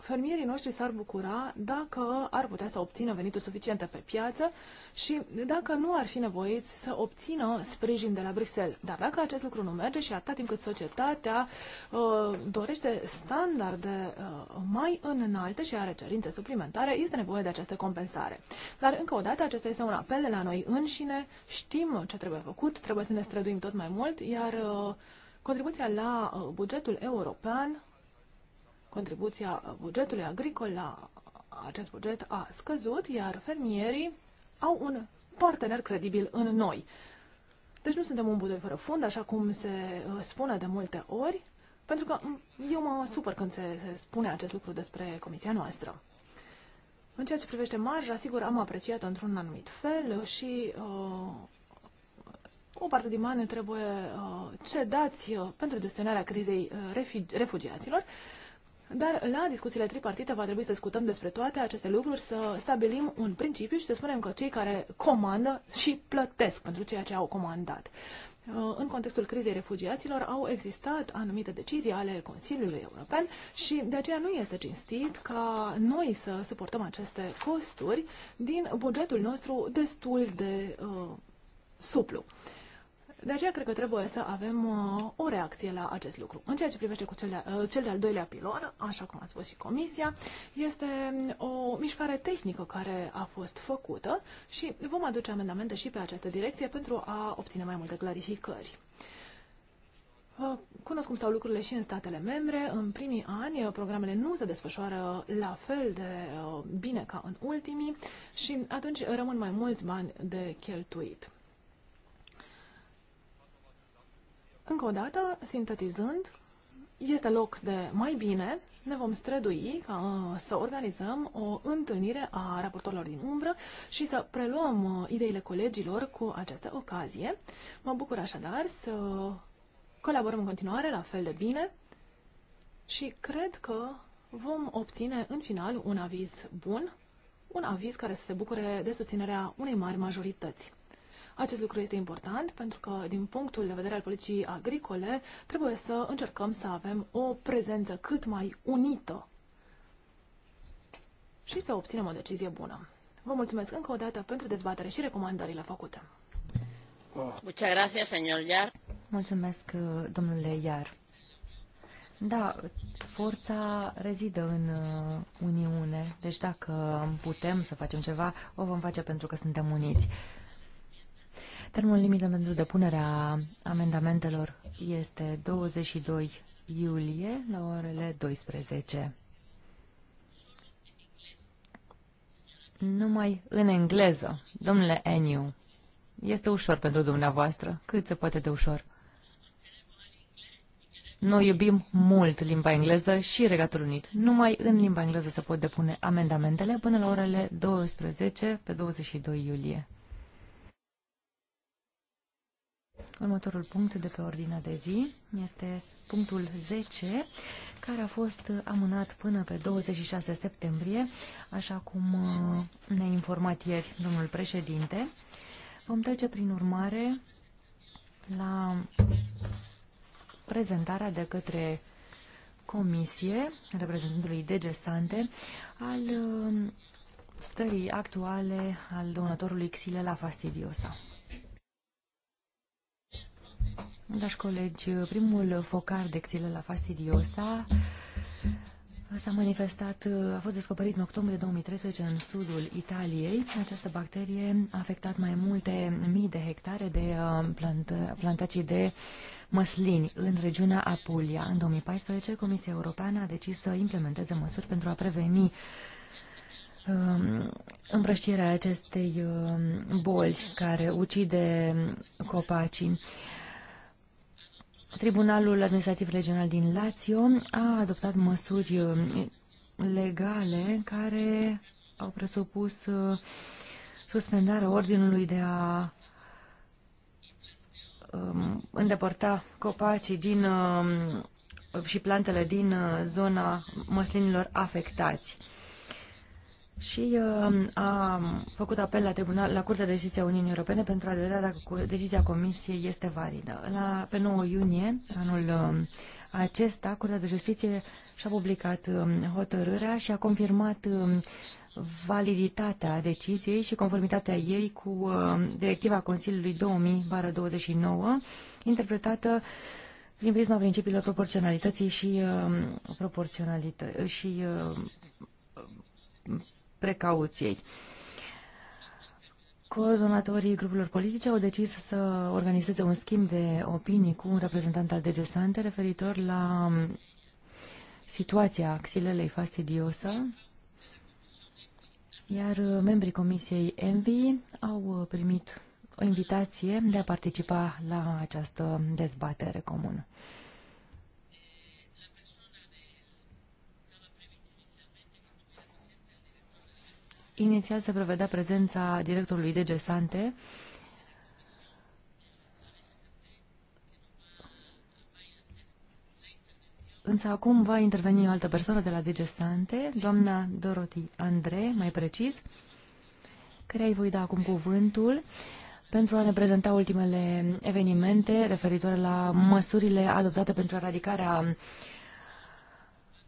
fermierii noștri s-ar bucura dacă ar putea să obțină venituri suficiente pe piață și dacă nu ar fi nevoiți să obțină sprijin de la Bruxelles. Dar dacă acest lucru nu merge și atât timp cât societatea uh, dorește standarde uh, mai înalte și are cerințe suplimentare, este nevoie de această compensare. Dar, încă o dată, acesta este un apel de la noi înșine, știm ce trebuie făcut, trebuie să ne străduim tot mai mult, iar uh, contribuția la uh, bugetul european Contribuția bugetului agricol la acest buget a scăzut, iar fermierii au un partener credibil în noi. Deci nu suntem un budoi fără fund, așa cum se uh, spune de multe ori, pentru că mm, eu mă supăr când se, se spune acest lucru despre comisia noastră. În ceea ce privește marja, sigur, am apreciat într-un anumit fel și uh, o parte din bani trebuie uh, cedați uh, pentru gestionarea crizei uh, refugiaților. Uh, dar la discuțiile tripartite va trebui să discutăm despre toate aceste lucruri, să stabilim un principiu și să spunem că cei care comandă și plătesc pentru ceea ce au comandat. Uh, în contextul crizei refugiaților au existat anumite decizii ale Consiliului European și de aceea nu este cinstit ca noi să suportăm aceste costuri din bugetul nostru destul de uh, suplu. De aceea cred că trebuie să avem uh, o reacție la acest lucru. În ceea ce privește cu cel, de, uh, cel de-al doilea pilon, așa cum a spus și Comisia, este um, o mișcare tehnică care a fost făcută și vom aduce amendamente și pe această direcție pentru a obține mai multe clarificări. Uh, cunosc cum stau lucrurile și în statele membre. În primii ani, uh, programele nu se desfășoară la fel de bine ca în ultimii și atunci rămân mai mulți bani de cheltuit. Încă o dată, sintetizând, este loc de mai bine, ne vom strădui ca uh, să organizăm o întâlnire a raportorilor din umbră și să preluăm uh, ideile colegilor cu această ocazie. Mă bucur așadar să colaborăm în continuare la fel de bine și cred că vom obține în final un aviz bun, un aviz care să se bucure de susținerea unei mari majorități. Acest lucru este important pentru că, din punctul de vedere al politicii agricole, trebuie să încercăm să avem o prezență cât mai unită și să obținem o decizie bună. Vă mulțumesc încă o dată pentru dezbatere și recomandările făcute. Ah. Mulțumesc, uh, domnule Iar. Da, forța rezidă în uh, Uniune. Deci dacă putem să facem ceva, o vom face pentru că suntem uniți. Termenul limită pentru depunerea amendamentelor este 22 iulie la orele 12. Numai în engleză, domnule Eniu. Este ușor pentru dumneavoastră, cât se poate de ușor. Noi iubim mult limba engleză și Regatul Unit. Numai în limba engleză se pot depune amendamentele până la orele 12 pe 22 iulie. Următorul punct de pe ordinea de zi este punctul 10, care a fost amânat până pe 26 septembrie, așa cum uh, ne-a informat ieri domnul președinte. Vom trece prin urmare la prezentarea de către comisie, reprezentantului de gestante al uh, stării actuale al donatorului xile la Fastidiosa. Dragi colegi, primul focar de la fastidiosa s-a manifestat, a fost descoperit în octombrie 2013 în sudul Italiei. Această bacterie a afectat mai multe mii de hectare de uh, plantă, plantații de măslini în regiunea Apulia. În 2014, Comisia Europeană a decis să implementeze măsuri pentru a preveni um, îmbrăștierea acestei um, boli care ucide copacii. Tribunalul Administrativ Regional din Lazio a adoptat măsuri uh, legale care au presupus uh, suspendarea ordinului de a um, îndepărta copacii din, um, și plantele din uh, zona măslinilor afectați și uh, a făcut apel la, tribunal, la Curtea de Justiție a Uniunii Europene pentru a vedea dacă decizia Comisiei este validă. La, pe 9 iunie anul uh, acesta, Curtea de Justiție și-a publicat uh, hotărârea și a confirmat uh, validitatea deciziei și conformitatea ei cu uh, Directiva Consiliului 2000-29, interpretată prin prisma principiilor proporționalității și, uh, proporționalită- și uh, precauției. Coordonatorii grupurilor politice au decis să organizeze un schimb de opinii cu un reprezentant al degestante referitor la um, situația axilelei fastidiosă, iar uh, membrii Comisiei Envi au uh, primit o invitație de a participa la această dezbatere comună. Inițial se prevedea prezența directorului de gestante, Însă acum va interveni o altă persoană de la Digestante, doamna Dorothy Andre, mai precis, care îi voi da acum cuvântul pentru a ne prezenta ultimele evenimente referitoare la măsurile adoptate pentru eradicarea uh,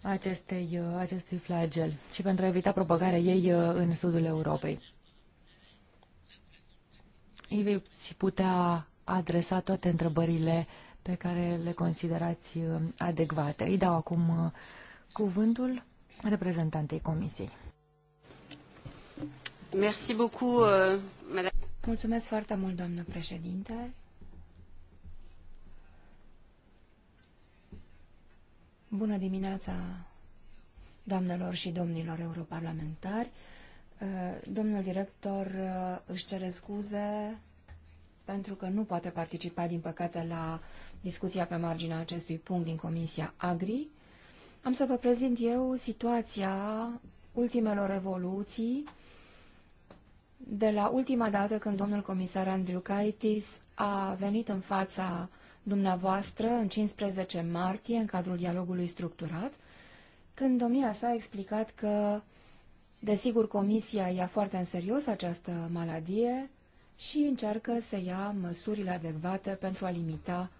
acestei, uh, acestui flagel și pentru a evita propagarea ei uh, în sudul Europei. Îi veți putea adresa toate întrebările pe care le considerați uh, adecvate. Îi dau acum cuvântul reprezentantei Comisiei. Merci beaucoup, Mulțumesc foarte mult, doamnă președinte. Bună dimineața, doamnelor și domnilor europarlamentari. Uh, domnul director uh, își cere scuze pentru că nu poate participa, din păcate, la discuția pe marginea acestui punct din Comisia Agri. Am să vă prezint eu situația ultimelor evoluții de la ultima dată când domnul comisar Andriu Caitis a venit în fața dumneavoastră în 15 martie, în cadrul dialogului structurat, când domnia sa a explicat că, desigur, comisia ia foarte în serios această maladie și încearcă să ia măsurile adecvate pentru a limita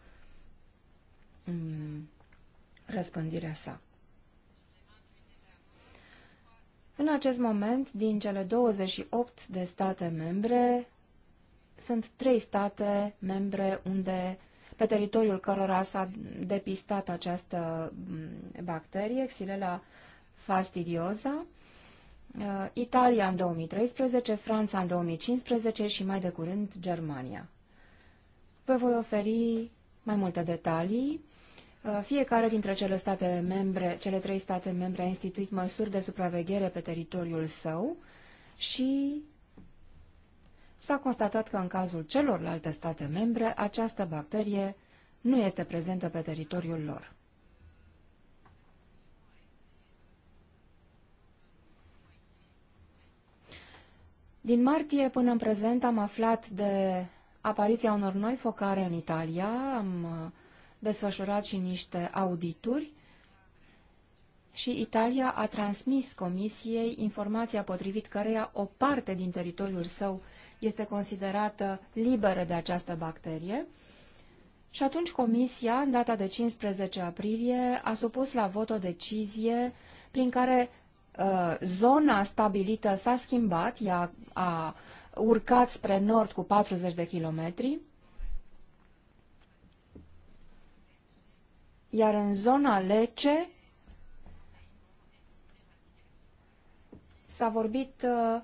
mm, răspândirea sa. În acest moment, din cele 28 de state membre, sunt trei state membre unde pe teritoriul cărora s-a depistat această mm, bacterie, Xylella fastidiosa, uh, Italia în 2013, Franța în 2015 și mai de curând Germania. Vă voi oferi mai multe detalii. Uh, fiecare dintre cele, state membre, cele trei state membre a instituit măsuri de supraveghere pe teritoriul său și s-a constatat că în cazul celorlalte state membre, această bacterie nu este prezentă pe teritoriul lor. Din martie până în prezent am aflat de apariția unor noi focare în Italia, am uh, desfășurat și niște audituri și Italia a transmis Comisiei informația potrivit căreia o parte din teritoriul său este considerată liberă de această bacterie. Și atunci Comisia, în data de 15 aprilie, a supus la vot o decizie prin care uh, zona stabilită s-a schimbat, ea a urcat spre nord cu 40 de kilometri, iar în zona Lece s-a vorbit uh,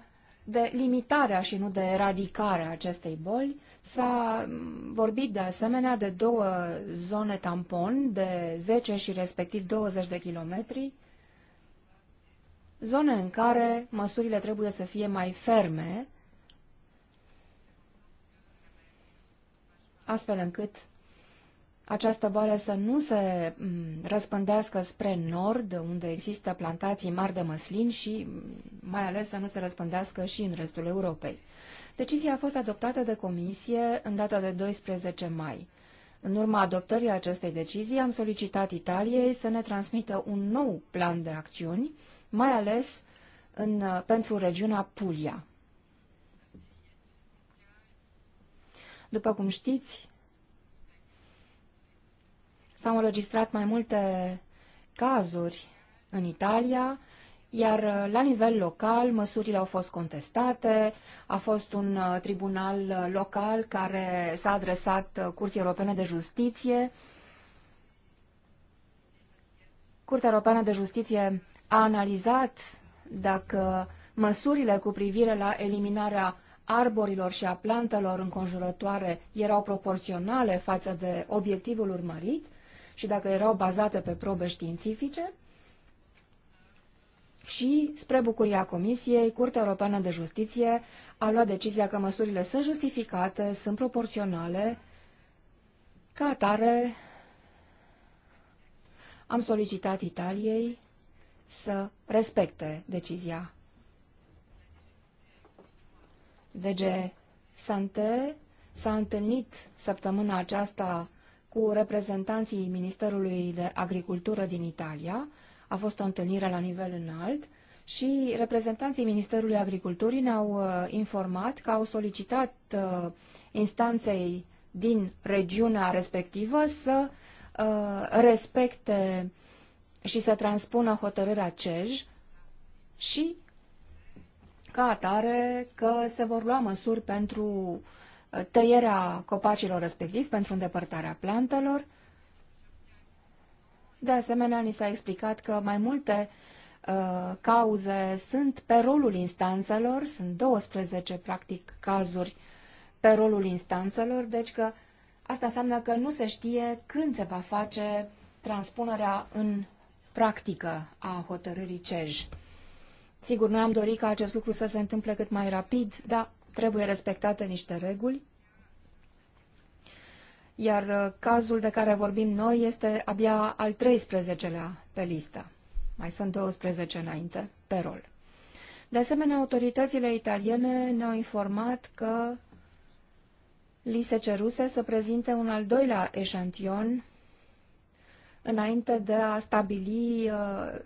de limitarea și nu de eradicarea acestei boli. S-a vorbit de asemenea de două zone tampon de 10 și respectiv 20 de kilometri, zone în care măsurile trebuie să fie mai ferme, astfel încât această boală să nu se mm, răspândească spre nord, unde există plantații mari de măslin și mm, mai ales să nu se răspândească și în restul Europei. Decizia a fost adoptată de comisie în data de 12 mai. În urma adoptării acestei decizii am solicitat Italiei să ne transmită un nou plan de acțiuni, mai ales în, pentru regiunea Puglia. După cum știți, S-au înregistrat mai multe cazuri în Italia, iar uh, la nivel local măsurile au fost contestate, a fost un uh, tribunal uh, local care s-a adresat Curții Europene de Justiție. Curtea Europeană de Justiție a analizat dacă măsurile cu privire la eliminarea arborilor și a plantelor înconjurătoare erau proporționale față de obiectivul urmărit și dacă erau bazate pe probe științifice. Și, spre bucuria Comisiei, Curtea Europeană de Justiție a luat decizia că măsurile sunt justificate, sunt proporționale. Ca atare, am solicitat Italiei să respecte decizia. DG Sante s-a întâlnit săptămâna aceasta cu reprezentanții Ministerului de Agricultură din Italia. A fost o întâlnire la nivel înalt și reprezentanții Ministerului Agriculturii ne-au uh, informat că au solicitat uh, instanței din regiunea respectivă să uh, respecte și să transpună hotărârea CEJ și ca atare că se vor lua măsuri pentru tăierea copacilor respectiv pentru îndepărtarea plantelor. De asemenea, ni s-a explicat că mai multe uh, cauze sunt pe rolul instanțelor, sunt 12 practic cazuri pe rolul instanțelor, deci că asta înseamnă că nu se știe când se va face transpunerea în practică a hotărârii CEJ. Sigur, noi am dorit ca acest lucru să se întâmple cât mai rapid, dar trebuie respectate niște reguli, iar uh, cazul de care vorbim noi este abia al 13-lea pe listă. Mai sunt 12 înainte, pe rol. De asemenea, autoritățile italiene ne-au informat că li se ceruse să prezinte un al doilea eșantion înainte de a stabili uh,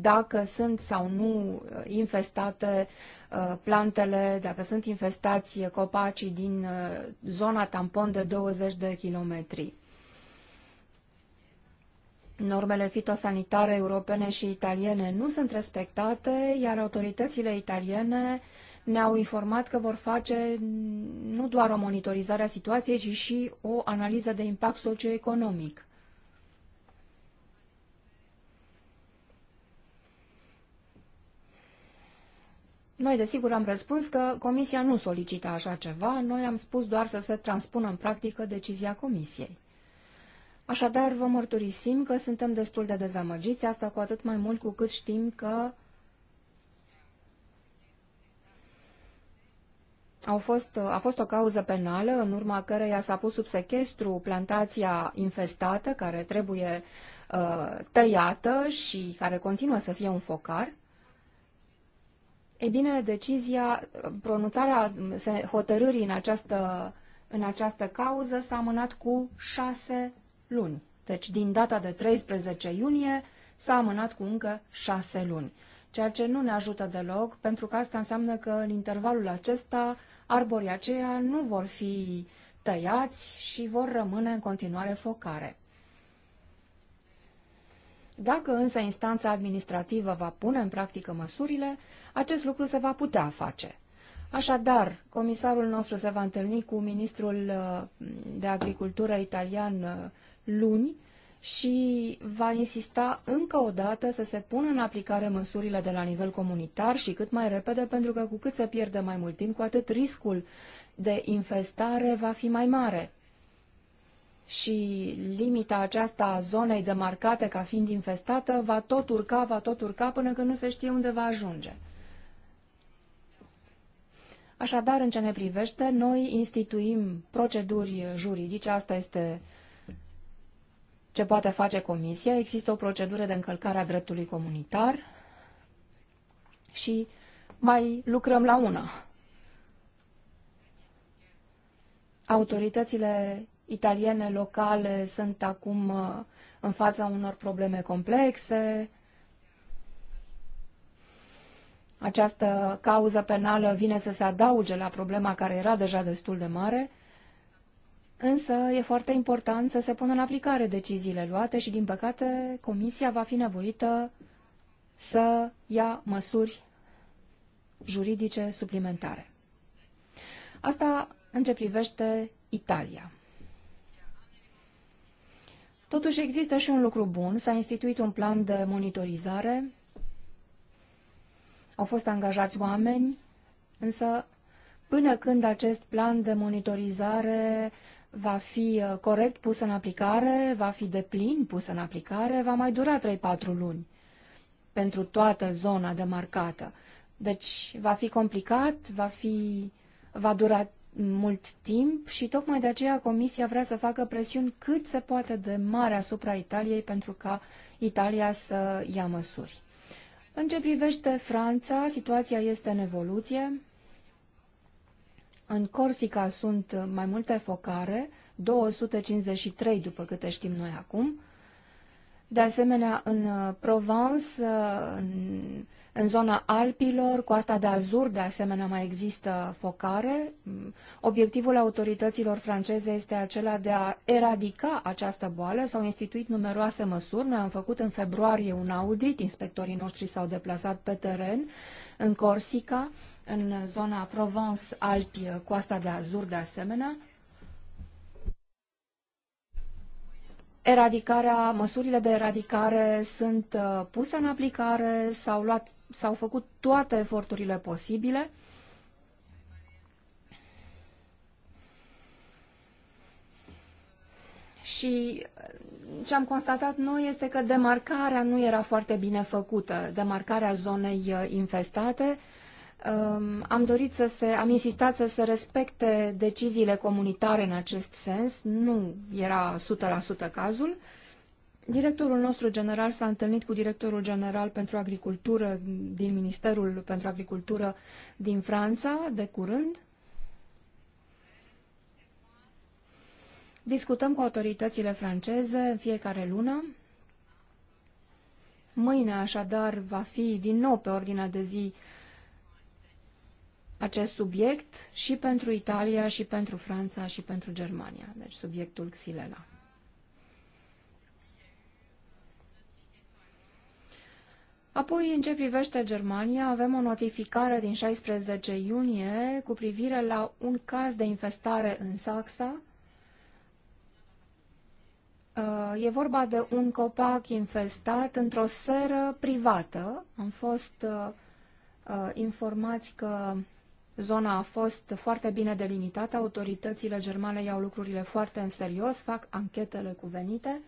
dacă sunt sau nu uh, infestate uh, plantele, dacă sunt infestați uh, copacii din zona tampon de 20 de kilometri. Normele fitosanitare europene și italiene nu sunt respectate, iar autoritățile italiene ne-au informat că vor face nu doar o monitorizare a situației, ci și o analiză de impact socioeconomic. Noi, desigur, am răspuns că Comisia nu solicită așa ceva, noi am spus doar să se transpună în practică decizia Comisiei. Așadar, vă mărturisim că suntem destul de dezamăgiți, asta cu atât mai mult cu cât știm că au fost, a fost o cauză penală în urma căreia s-a pus sub sechestru plantația infestată care trebuie uh, tăiată și care continuă să fie un focar. E bine, decizia, pronunțarea hotărârii în această, în această cauză s-a amânat cu șase luni. Deci, din data de 13 iunie, s-a amânat cu încă șase luni, ceea ce nu ne ajută deloc, pentru că asta înseamnă că în intervalul acesta arborii aceia nu vor fi tăiați și vor rămâne în continuare focare. Dacă însă instanța administrativă va pune în practică măsurile, acest lucru se va putea face. Așadar, comisarul nostru se va întâlni cu ministrul uh, de agricultură italian uh, luni și va insista încă o dată să se pună în aplicare măsurile de la nivel comunitar și cât mai repede, pentru că cu cât se pierde mai mult timp, cu atât riscul de infestare va fi mai mare și limita aceasta a zonei demarcate ca fiind infestată va tot urca, va tot urca până când nu se știe unde va ajunge. Așadar, în ce ne privește, noi instituim proceduri juridice, asta este ce poate face Comisia, există o procedură de încălcare a dreptului comunitar și mai lucrăm la una. Autoritățile italiene locale sunt acum uh, în fața unor probleme complexe. Această cauză penală vine să se adauge la problema care era deja destul de mare, însă e foarte important să se pună în aplicare deciziile luate și, din păcate, Comisia va fi nevoită să ia măsuri juridice suplimentare. Asta în ce privește Italia. Totuși există și un lucru bun. S-a instituit un plan de monitorizare. Au fost angajați oameni, însă până când acest plan de monitorizare va fi uh, corect pus în aplicare, va fi de plin pus în aplicare, va mai dura 3-4 luni pentru toată zona demarcată. Deci va fi complicat, va, fi, va dura mult timp și tocmai de aceea Comisia vrea să facă presiuni cât se poate de mare asupra Italiei pentru ca Italia să ia măsuri. În ce privește Franța, situația este în evoluție. În Corsica sunt mai multe focare, 253 după câte știm noi acum. De asemenea, în uh, Provence, uh, în, în zona Alpilor, coasta de Azur, de asemenea, mai există focare. Mm, obiectivul autorităților franceze este acela de a eradica această boală. S-au instituit numeroase măsuri. Noi am făcut în februarie un audit. Inspectorii noștri s-au deplasat pe teren în Corsica, în zona Provence, Alpi, uh, coasta de Azur, de asemenea. eradicarea, măsurile de eradicare sunt uh, puse în aplicare, s-au, luat, s-au făcut toate eforturile posibile. Și uh, ce am constatat noi este că demarcarea nu era foarte bine făcută, demarcarea zonei uh, infestate, uh, Um, am dorit să se, am insistat să se respecte deciziile comunitare în acest sens, nu era 100% cazul. Directorul nostru general s-a întâlnit cu directorul general pentru agricultură din Ministerul pentru Agricultură din Franța de curând. Discutăm cu autoritățile franceze în fiecare lună. Mâine, așadar, va fi din nou pe ordinea de zi uh, acest subiect și pentru Italia, și pentru Franța, și pentru Germania. Deci subiectul Xilela. Apoi, în ce privește Germania, avem o notificare din 16 iunie cu privire la un caz de infestare în Saxa. Uh, e vorba de un copac infestat într-o seră privată. Am fost uh, uh, informați că Zona a fost foarte bine delimitată, autoritățile germane iau lucrurile foarte în serios, fac anchetele cuvenite.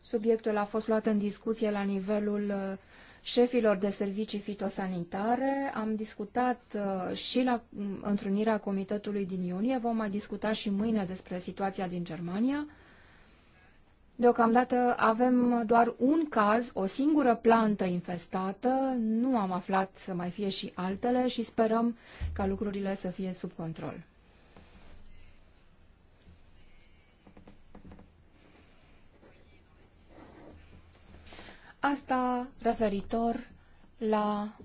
Subiectul a fost luat în discuție la nivelul uh, șefilor de servicii fitosanitare. Am discutat uh, și la mm, întrunirea comitetului din iunie, vom mai discuta și mâine despre situația din Germania. Deocamdată avem doar un caz, o singură plantă infestată, nu am aflat să mai fie și altele și sperăm ca lucrurile să fie sub control. Asta referitor la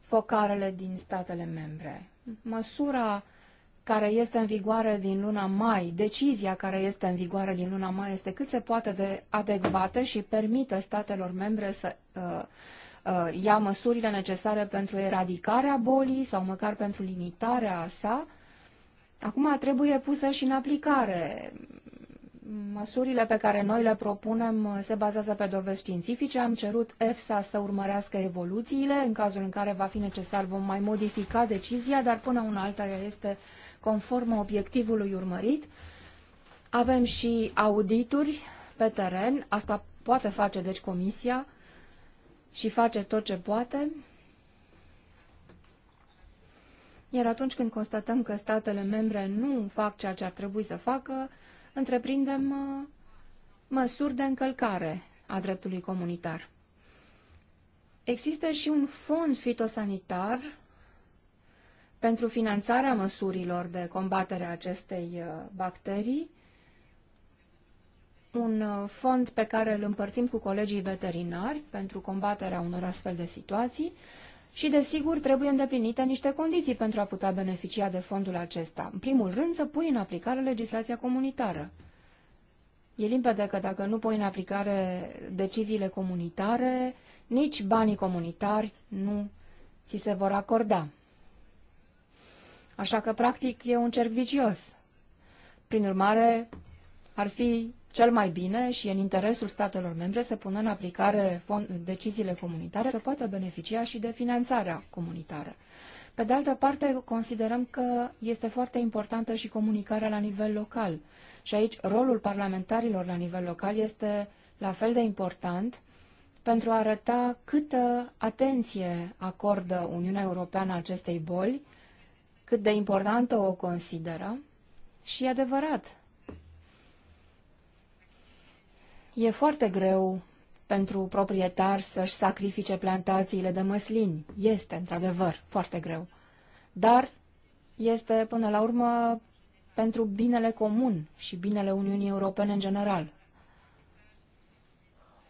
focarele din statele membre. Măsura care este în vigoare din luna mai, decizia care este în vigoare din luna mai este cât se poate de adecvată și permite statelor membre să uh, uh, ia măsurile necesare pentru eradicarea bolii sau măcar pentru limitarea sa, acum trebuie pusă și în aplicare. Măsurile pe care noi le propunem se bazează pe dovezi științifice. Am cerut EFSA să urmărească evoluțiile. În cazul în care va fi necesar, vom mai modifica decizia, dar până una alta ea este Conform obiectivului urmărit. Avem și audituri pe teren, asta poate face deci comisia și face tot ce poate. Iar atunci când constatăm că statele membre nu fac ceea ce ar trebui să facă, întreprindem uh, măsuri de încălcare a dreptului comunitar. Există și un fond fitosanitar pentru finanțarea măsurilor de combatere a acestei uh, bacterii, un uh, fond pe care îl împărțim cu colegii veterinari pentru combaterea unor astfel de situații și, desigur, trebuie îndeplinite niște condiții pentru a putea beneficia de fondul acesta. În primul rând, să pui în aplicare legislația comunitară. E limpede că dacă nu pui în aplicare deciziile comunitare, nici banii comunitari nu ți se vor acorda. Așa că, practic, e un cerc vicios. Prin urmare, ar fi cel mai bine și în interesul statelor membre să pună în aplicare fond, deciziile comunitare, să poată beneficia și de finanțarea comunitară. Pe de altă parte, considerăm că este foarte importantă și comunicarea la nivel local. Și aici rolul parlamentarilor la nivel local este la fel de important pentru a arăta câtă atenție acordă Uniunea Europeană acestei boli cât de importantă o consideră și e adevărat. E foarte greu pentru proprietar să-și sacrifice plantațiile de măslini. Este, într-adevăr, foarte greu. Dar este, până la urmă, pentru binele comun și binele Uniunii Europene în general.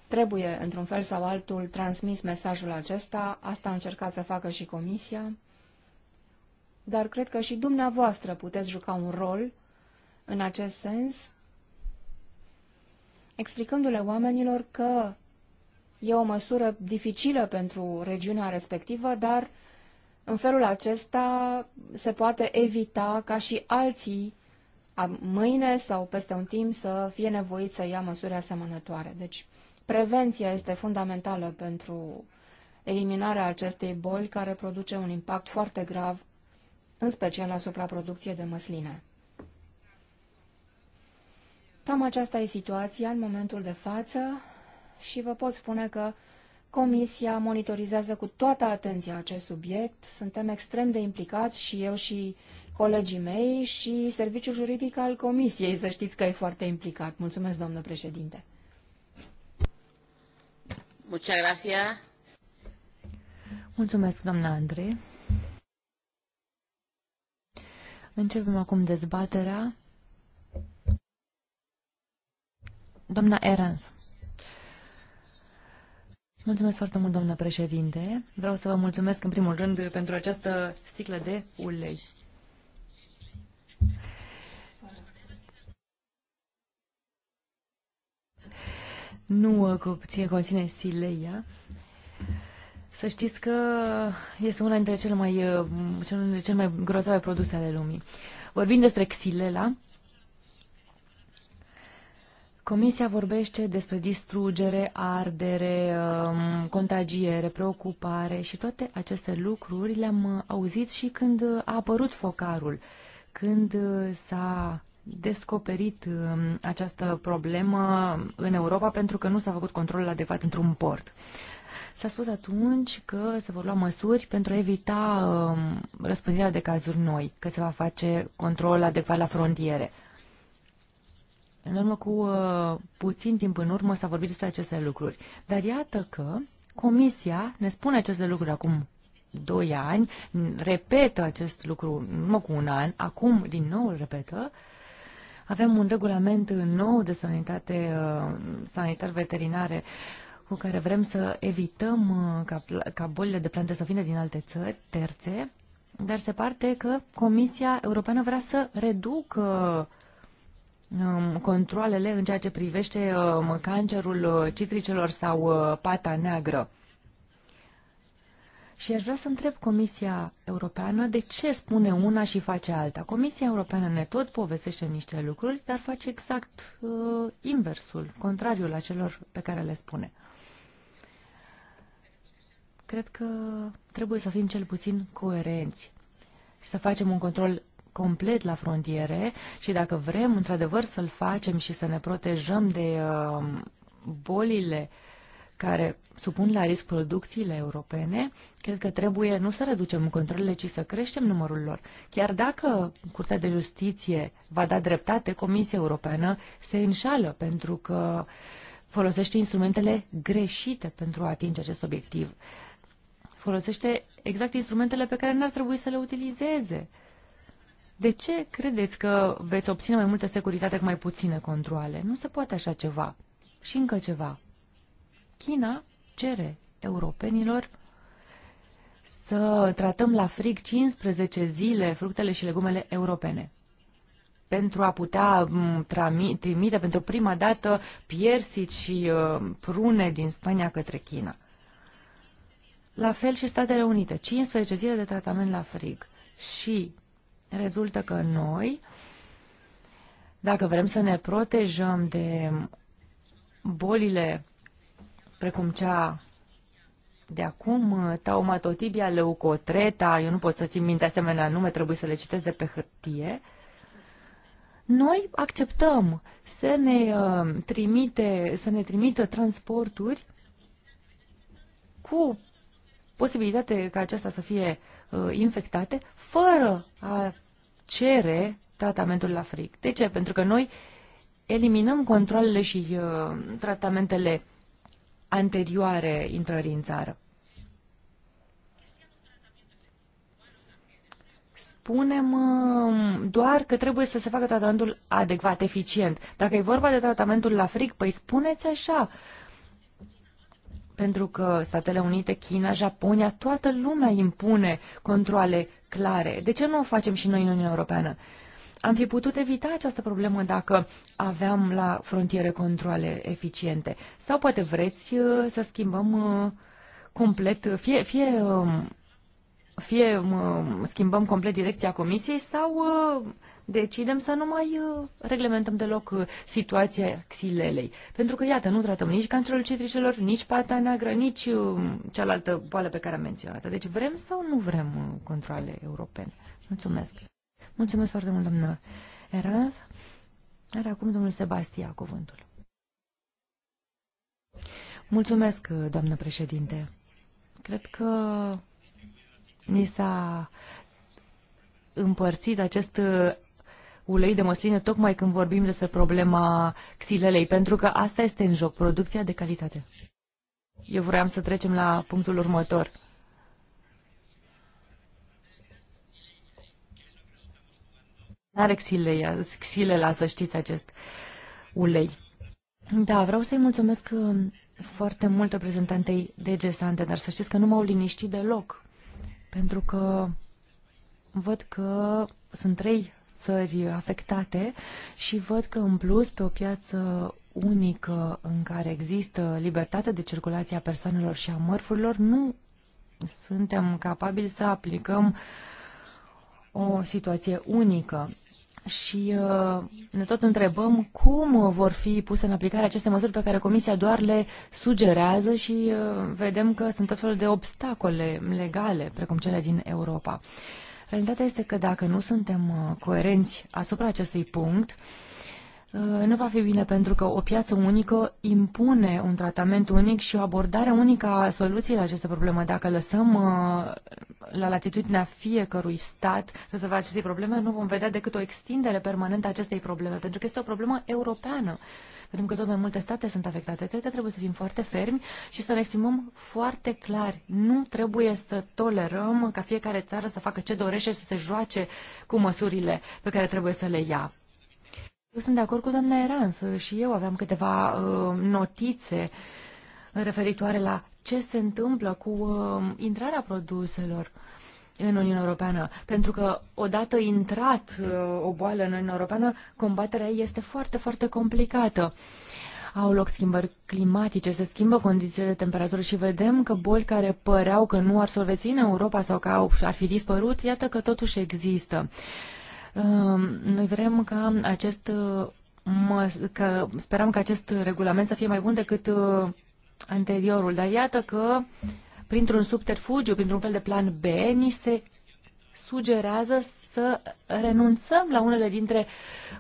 Trebuie, într-un fel sau altul, transmis mesajul acesta, asta a încercat să facă și Comisia, dar cred că și dumneavoastră puteți juca un rol în acest sens, explicându-le oamenilor că e o măsură dificilă pentru regiunea respectivă, dar în felul acesta se poate evita ca și alții mâine sau peste un timp să fie nevoiți să ia măsuri asemănătoare. Deci, prevenția este fundamentală pentru eliminarea acestei boli care produce un impact foarte grav în special asupra producției de măsline. Cam aceasta e situația în momentul de față și vă pot spune că Comisia monitorizează cu toată atenția acest subiect. Suntem extrem de implicați și eu și colegii mei și serviciul juridic al Comisiei. Să știți că e foarte implicat. Mulțumesc, doamnă președinte. Muchas gracias. Mulțumesc, doamna Andrei. Începem acum dezbaterea. Doamna Erans. Mulțumesc foarte mult, doamnă președinte. Vreau să vă mulțumesc în primul rând pentru această sticlă de ulei. Nu conține, conține sileia, să știți că este una dintre cele mai, uh, cele, dintre cele mai grozave produse ale lumii. Vorbim despre Xilela, Comisia vorbește despre distrugere, ardere, um, contagiere, preocupare și toate aceste lucruri le-am uh, auzit și când uh, a apărut focarul, când s-a descoperit um, această problemă în Europa pentru că nu s-a făcut controlul adecvat într-un port. S-a spus atunci că se vor lua măsuri pentru a evita um, răspândirea de cazuri noi, că se va face control adecvat la frontiere. În urmă cu uh, puțin timp în urmă s-a vorbit despre aceste lucruri. Dar iată că Comisia ne spune aceste lucruri acum doi ani, repetă acest lucru nu cu un an, acum din nou îl repetă. Avem un regulament nou de sanitate, uh, sanitar veterinare uh, cu care vrem să evităm uh, ca, ca bolile de plante să vină din alte țări terțe, dar se pare că Comisia Europeană vrea să reducă um, controlele în ceea ce privește um, cancerul uh, citricelor sau uh, pata neagră. Și aș vrea să întreb Comisia Europeană de ce spune una și face alta. Comisia Europeană ne tot povestește niște lucruri, dar face exact uh, inversul, contrariul acelor pe care le spune. Cred că trebuie să fim cel puțin coerenți, să facem un control complet la frontiere și dacă vrem într-adevăr să-l facem și să ne protejăm de uh, bolile care supun la risc producțiile europene, cred că trebuie nu să reducem controlele, ci să creștem numărul lor. Chiar dacă Curtea de Justiție va da dreptate, Comisia Europeană se înșală pentru că folosește instrumentele greșite pentru a atinge acest obiectiv. Uh, folosește exact instrumentele pe care n-ar trebui să le utilizeze. De ce credeți că veți obține mai multă securitate cu mai puține controle? Nu se poate așa ceva. Și încă ceva. China cere europenilor să tratăm la frig 15 zile fructele și legumele europene pentru a putea trimite pentru prima dată piersici și uh, prune din Spania către China. La fel și Statele Unite, 15 zile de tratament la frig. Și rezultă că noi, dacă vrem să ne protejăm de bolile precum cea de acum, taumatotibia, leucotreta, eu nu pot să țin minte asemenea nume, trebuie să le citesc de pe hârtie, noi acceptăm să ne, uh, trimite, să ne trimită transporturi cu posibilitate ca acestea să fie uh, infectate fără a cere tratamentul la fric. De ce? Pentru că noi eliminăm controlele și uh, tratamentele anterioare intrării în țară. spunem um, doar că trebuie să se facă tratamentul adecvat, eficient. Dacă e vorba de tratamentul la fric, păi spuneți așa pentru că Statele Unite, China, Japonia, toată lumea impune controle clare. De ce nu o facem și noi în Uniunea Europeană? Am fi putut evita această problemă dacă aveam la frontiere controle eficiente. Sau poate vreți uh, să schimbăm uh, complet, fie, fie, um, fie um, schimbăm complet direcția Comisiei sau uh, decidem să nu mai uh, reglementăm deloc uh, situația xilelei. Pentru că, iată, nu tratăm nici cancerul citricelor, nici partea neagră, nici uh, cealaltă boală pe care am menționat. Deci vrem sau nu vrem controle europene? Mulțumesc. Mulțumesc foarte mult, doamnă Eranz. Are acum domnul Sebastia cuvântul. Mulțumesc, doamnă președinte. Cred că ni s-a împărțit acest ulei de măsline tocmai când vorbim despre problema xilelei, pentru că asta este în joc, producția de calitate. Eu vreau să trecem la punctul următor. N-are xileia, xilela, să știți acest ulei. Da, vreau să-i mulțumesc uh, foarte mult reprezentantei de gestante, dar să știți că nu m-au liniștit deloc, pentru că văd că sunt trei țări afectate și văd că în plus pe o piață unică în care există libertate de circulație a persoanelor și a mărfurilor, nu suntem capabili să aplicăm o situație unică și uh, ne tot întrebăm cum vor fi puse în aplicare aceste măsuri pe care Comisia doar le sugerează și uh, vedem că sunt tot felul de obstacole legale, precum cele din Europa. Realitatea este că dacă nu suntem uh, coerenți asupra acestui punct, Uh, nu va fi bine pentru că o piață unică impune un tratament unic și o abordare unică a soluției la aceste probleme. Dacă lăsăm uh, la latitudinea fiecărui stat rezolvarea acestei probleme, nu vom vedea decât o extindere permanentă a acestei probleme, pentru că este o problemă europeană. Pentru că tot mai multe state sunt afectate. Cred că trebuie să fim foarte fermi și să ne exprimăm foarte clar. Nu trebuie să tolerăm ca fiecare țară să facă ce dorește și să se joace cu măsurile pe care trebuie să le ia eu sunt de acord cu doamna Eran și eu aveam câteva uh, notițe referitoare la ce se întâmplă cu uh, intrarea produselor în Uniunea Europeană. Pentru că odată intrat uh, o boală în Uniunea Europeană, combaterea ei este foarte, foarte complicată. Au loc schimbări climatice, se schimbă condițiile de temperatură și vedem că boli care păreau că nu ar solvețui în Europa sau că au, ar fi dispărut, iată că totuși există. Uh, Ehm, noi vrem ca acest că speram că acest regulament să fie mai bun decât uh, anteriorul, dar iată că printr-un subterfugiu, printr-un fel de plan B, ni se sugerează să renunțăm la unele dintre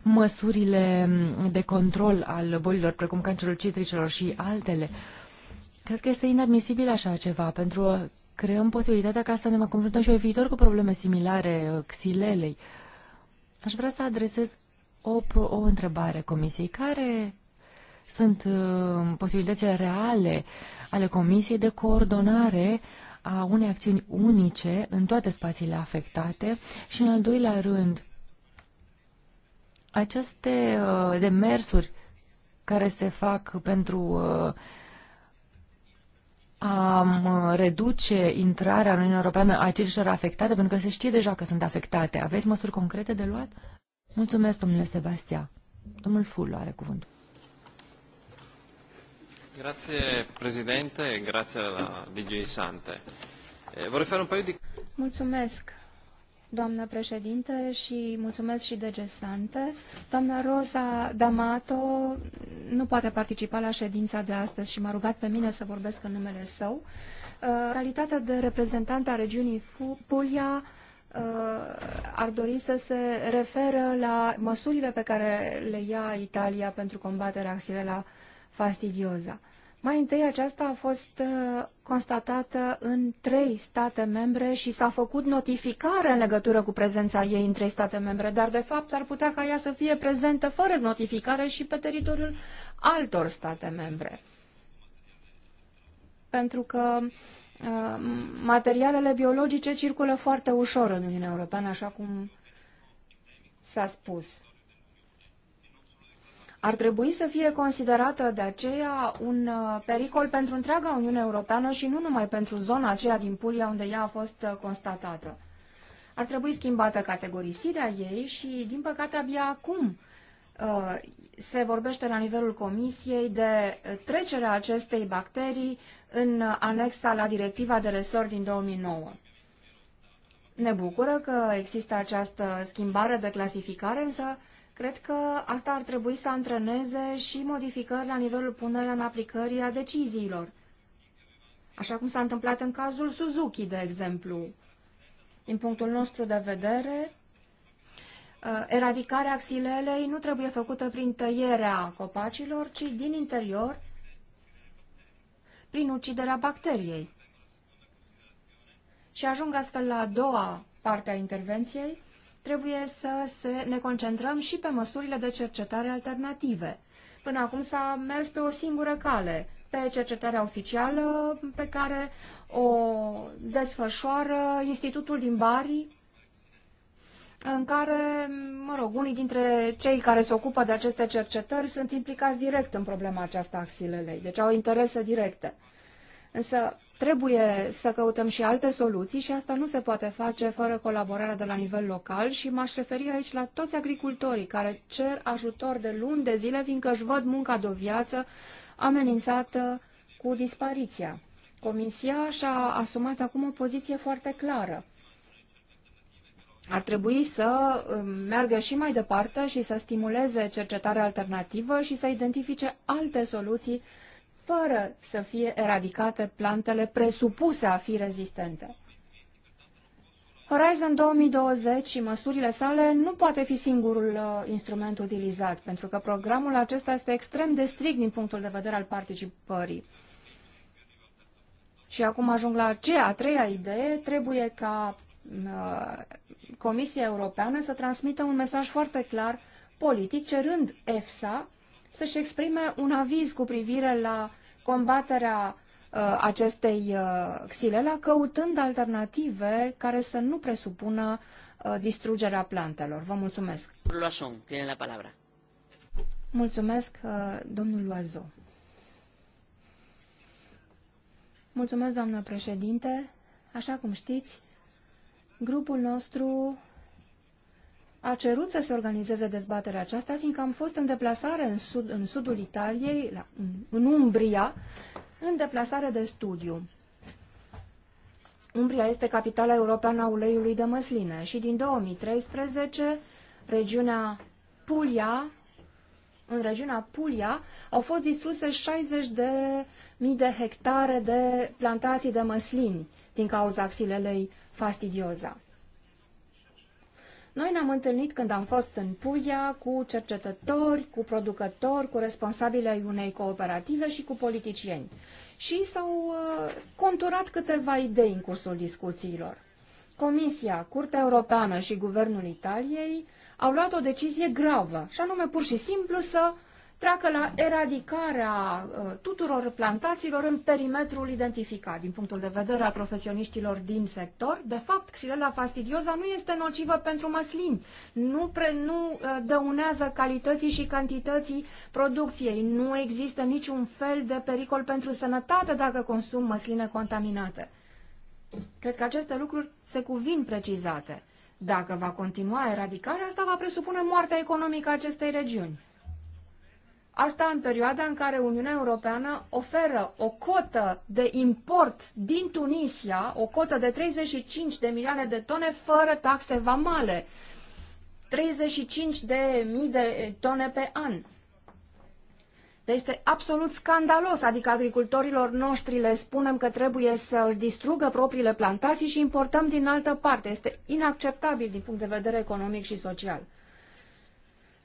măsurile de control al bolilor, precum cancerul citricelor și altele. Cred că este inadmisibil așa ceva, pentru că creăm posibilitatea ca să ne mai confruntăm și pe viitor cu probleme similare xilelei. Uh, Aș vrea să adresez o, o întrebare Comisiei. Care sunt uh, posibilitățile reale ale Comisiei de coordonare a unei acțiuni unice în toate spațiile afectate și, în al doilea rând, aceste uh, demersuri care se fac pentru uh, am uh, reduce intrarea în Uniunea Europeană a celor afectate, pentru că se știe deja că sunt afectate. Aveți măsuri concrete de luat? Mulțumesc, domnule Sebastia. Domnul Fulu are cuvântul. Grazie Presidente grazie alla DJ Sante. Eh, vorrei fare un paio di... Mulțumesc, doamnă președinte, și mulțumesc și de Sante. Doamna Rosa D'Amato nu poate participa la ședința de astăzi și m-a rugat pe mine să vorbesc în numele său. Uh, calitatea de reprezentant a regiunii Puglia uh, ar dori să se referă la măsurile pe care le ia Italia pentru combaterea axirela fastidioza. Mai întâi aceasta a fost uh, constatată în trei state membre și s-a făcut notificare în legătură cu prezența ei în trei state membre, dar de fapt s-ar putea ca ea să fie prezentă fără notificare și pe teritoriul altor state membre. Pentru că uh, materialele biologice circulă foarte ușor în Uniunea Europeană, așa cum s-a spus ar trebui să fie considerată de aceea un uh, pericol pentru întreaga Uniune Europeană și nu numai pentru zona aceea din Puglia unde ea a fost uh, constatată. Ar trebui schimbată categorisirea ei și, din păcate, abia acum uh, se vorbește la nivelul Comisiei de trecerea acestei bacterii în anexa la directiva de resort din 2009. Ne bucură că există această schimbare de clasificare, însă Cred că asta ar trebui să antreneze și modificări la nivelul punerea în aplicări a deciziilor. Așa cum s-a întâmplat în cazul Suzuki, de exemplu. Din punctul nostru de vedere, uh, eradicarea axilelei nu trebuie făcută prin tăierea copacilor, ci din interior, prin uciderea bacteriei. Și ajung astfel la a doua parte a intervenției, trebuie să ne concentrăm și pe măsurile de cercetare alternative. Până acum s-a mers pe o singură cale, pe cercetarea oficială pe care o desfășoară Institutul din Bari, în care, mă rog, unii dintre cei care se ocupă de aceste cercetări sunt implicați direct în problema aceasta a axilelei, deci au interese directe. Însă Trebuie să căutăm și alte soluții și asta nu se poate face fără colaborarea de la nivel local și m-aș referi aici la toți agricultorii care cer ajutor de luni de zile, fiindcă își văd munca de o viață amenințată cu dispariția. Comisia și-a asumat acum o poziție foarte clară. Ar trebui să um, meargă și mai departe și să stimuleze cercetarea alternativă și să identifice alte soluții fără să fie eradicate plantele presupuse a fi rezistente. Horizon 2020 și măsurile sale nu poate fi singurul uh, instrument utilizat, pentru că programul acesta este extrem de strict din punctul de vedere al participării. Și acum ajung la aceea, a treia idee, trebuie ca uh, Comisia Europeană să transmită un mesaj foarte clar politic, cerând EFSA să-și exprime un aviz cu privire la combaterea uh, acestei uh, xilele, căutând alternative care să nu presupună uh, distrugerea plantelor. Vă mulțumesc. Loison, tiene la palabra. Mulțumesc, uh, domnul Loazo. Mulțumesc, doamnă președinte. Așa cum știți, grupul nostru a cerut să se organizeze dezbaterea aceasta, fiindcă am fost în deplasare în, sud, în sudul Italiei, la, în, Umbria, în deplasare de studiu. Umbria este capitala europeană a uleiului de măsline și din 2013 regiunea Puglia, în regiunea Puglia au fost distruse 60 de mii de hectare de plantații de măslini din cauza xilelei fastidioza. Noi ne-am întâlnit când am fost în Puglia cu cercetători, cu producători, cu responsabili ai unei cooperative și cu politicieni. Și s-au uh, conturat câteva idei în cursul discuțiilor. Comisia, Curtea Europeană și Guvernul Italiei au luat o decizie gravă, și anume pur și simplu să uh, treacă la eradicarea uh, tuturor plantațiilor în perimetrul identificat. Din punctul de vedere al profesioniștilor din sector, de fapt, xilela fastidioza nu este nocivă pentru măslin. nu, pre, nu uh, dăunează calității și cantității producției, nu există niciun fel de pericol pentru sănătate dacă consum măsline contaminate. Cred că aceste lucruri se cuvin precizate. Dacă va continua eradicarea, asta va presupune moartea economică a acestei regiuni. Asta în perioada în care Uniunea Europeană oferă o cotă de import din Tunisia, o cotă de 35 de milioane de tone fără taxe vamale, 35 de mii de tone pe an. Deci este absolut scandalos, adică agricultorilor noștri le spunem că trebuie să își distrugă propriile plantații și importăm din altă parte. Este inacceptabil din punct de vedere economic și social.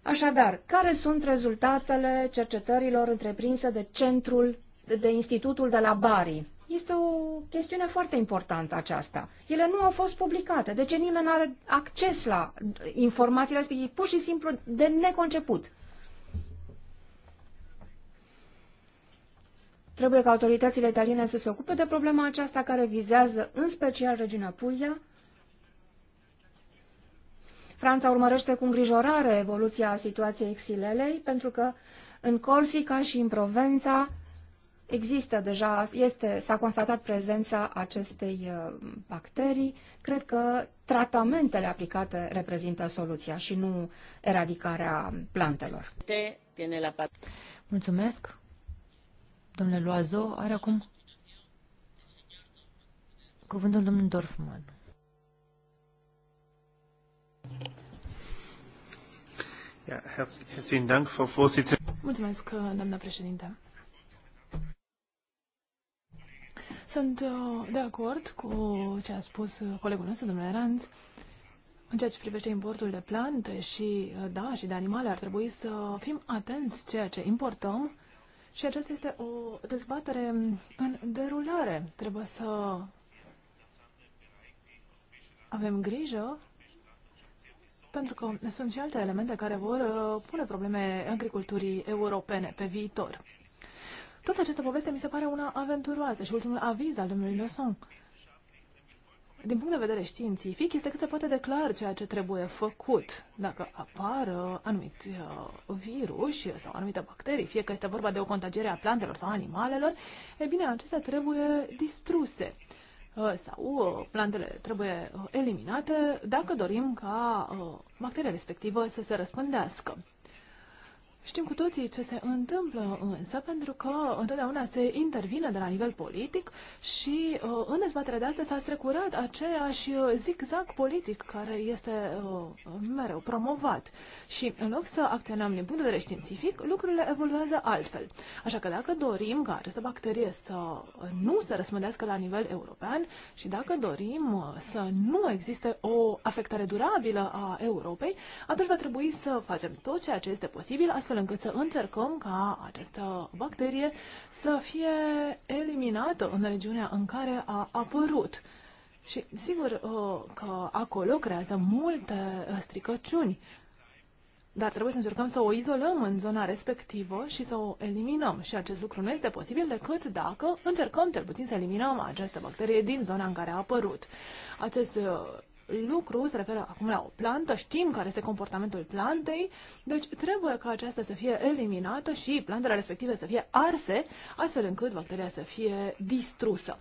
Așadar, care sunt rezultatele cercetărilor întreprinse de centrul, de institutul de la Bari? Este o chestiune foarte importantă aceasta. Ele nu au fost publicate, deci nimeni nu are acces la informațiile respective, pur și simplu de neconceput. Trebuie ca autoritățile italiene să se ocupe de problema aceasta care vizează în special regiunea Puglia Franța urmărește cu îngrijorare evoluția situației exilelei, pentru că în Corsica și în Provența există deja, este, s-a constatat prezența acestei uh, bacterii. Cred că tratamentele aplicate reprezintă soluția și nu eradicarea plantelor. Mulțumesc. Domnule Loazo, are acum cuvântul domnul Dorfman. Mulțumesc, uh, doamna președinte. Sunt uh, de acord cu ce a spus uh, colegul nostru, domnule Ranz. În ceea ce privește importul de plante și, da, și de animale, ar trebui să fim atenți ceea ce importăm și aceasta este o dezbatere în derulare. Trebuie să avem grijă pentru că sunt și alte elemente care vor uh, pune probleme agriculturii europene pe viitor. Toată această poveste mi se pare una aventuroasă și ultimul aviz al domnului Leson. Din punct de vedere științific, este cât se poate de clar ceea ce trebuie făcut. Dacă apar uh, anumit uh, virus sau anumite bacterii, fie că este vorba de o contagiere a plantelor sau animalelor, e bine, acestea trebuie distruse. Uh, sau uh, plantele trebuie uh, eliminate dacă dorim ca bacteria respectivă să se răspândească. Știm cu toții ce se întâmplă însă, pentru că întotdeauna se intervine de la nivel politic și uh, în dezbaterea de astăzi s-a strecurat aceeași uh, zigzag politic care este uh, mereu promovat. Și în loc să acționăm din punct de vedere științific, lucrurile evoluează altfel. Așa că dacă dorim ca această bacterie să nu se răspândească la nivel european și dacă dorim uh, să nu existe o afectare durabilă a Europei, atunci va trebui să facem tot ceea ce este posibil astfel încât să încercăm ca această bacterie să fie eliminată în regiunea în care a apărut. Și sigur uh, că acolo creează multe uh, stricăciuni, dar trebuie să încercăm să o izolăm în zona respectivă și să o eliminăm. Și acest lucru nu este posibil decât dacă încercăm cel puțin să eliminăm această bacterie din zona în care a apărut. Acest uh, lucru se referă acum la o plantă, știm care este comportamentul plantei, deci trebuie ca aceasta să fie eliminată și plantele respective să fie arse, astfel încât bacteria să fie distrusă.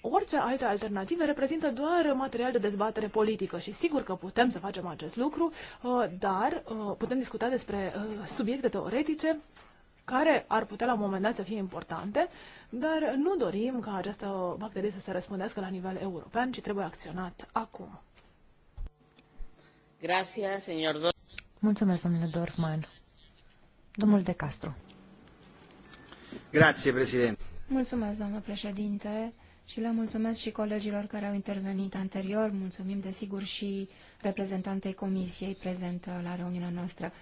Orice alte alternative reprezintă doar material de dezbatere politică și sigur că putem să facem acest lucru, uh, dar uh, putem discuta despre uh, subiecte teoretice care ar putea la un moment dat să fie importante, dar nu dorim ca această bacterie să se răspândească la nivel european, ci trebuie acționat acum. Grazie, señor Mulțumesc, domnule Dorfman. Domnul De Castro. Grazie, președinte. Mulțumesc, domnule președinte, și le mulțumesc și colegilor care au intervenit anterior. Mulțumim, desigur, și reprezentantei comisiei prezentă la reuniunea noastră.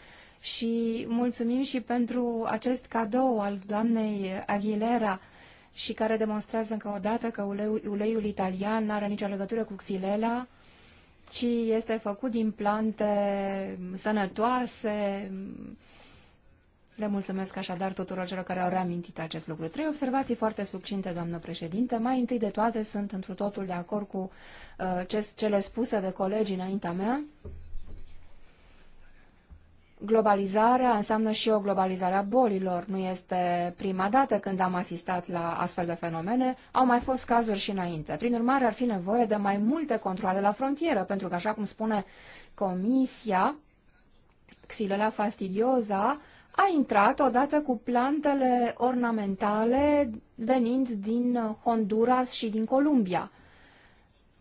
Și mulțumim și pentru acest cadou al doamnei Aguilera, și care demonstrează încă o dată că uleiul, uleiul italian nu are nicio legătură cu xilela, ci este făcut din plante sănătoase. Le mulțumesc așadar tuturor celor care au reamintit acest lucru. Trei observații foarte succinte, doamnă președinte. Mai întâi de toate sunt întru totul de acord cu uh, ce, cele spuse de colegii înaintea mea. Globalizarea înseamnă și o globalizare a bolilor. Nu este prima dată când am asistat la astfel de fenomene, au mai fost cazuri și înainte. Prin urmare, ar fi nevoie de mai multe controle la frontieră, pentru că, așa cum spune Comisia, Xylella fastidiosa a intrat odată cu plantele ornamentale venind din Honduras și din Columbia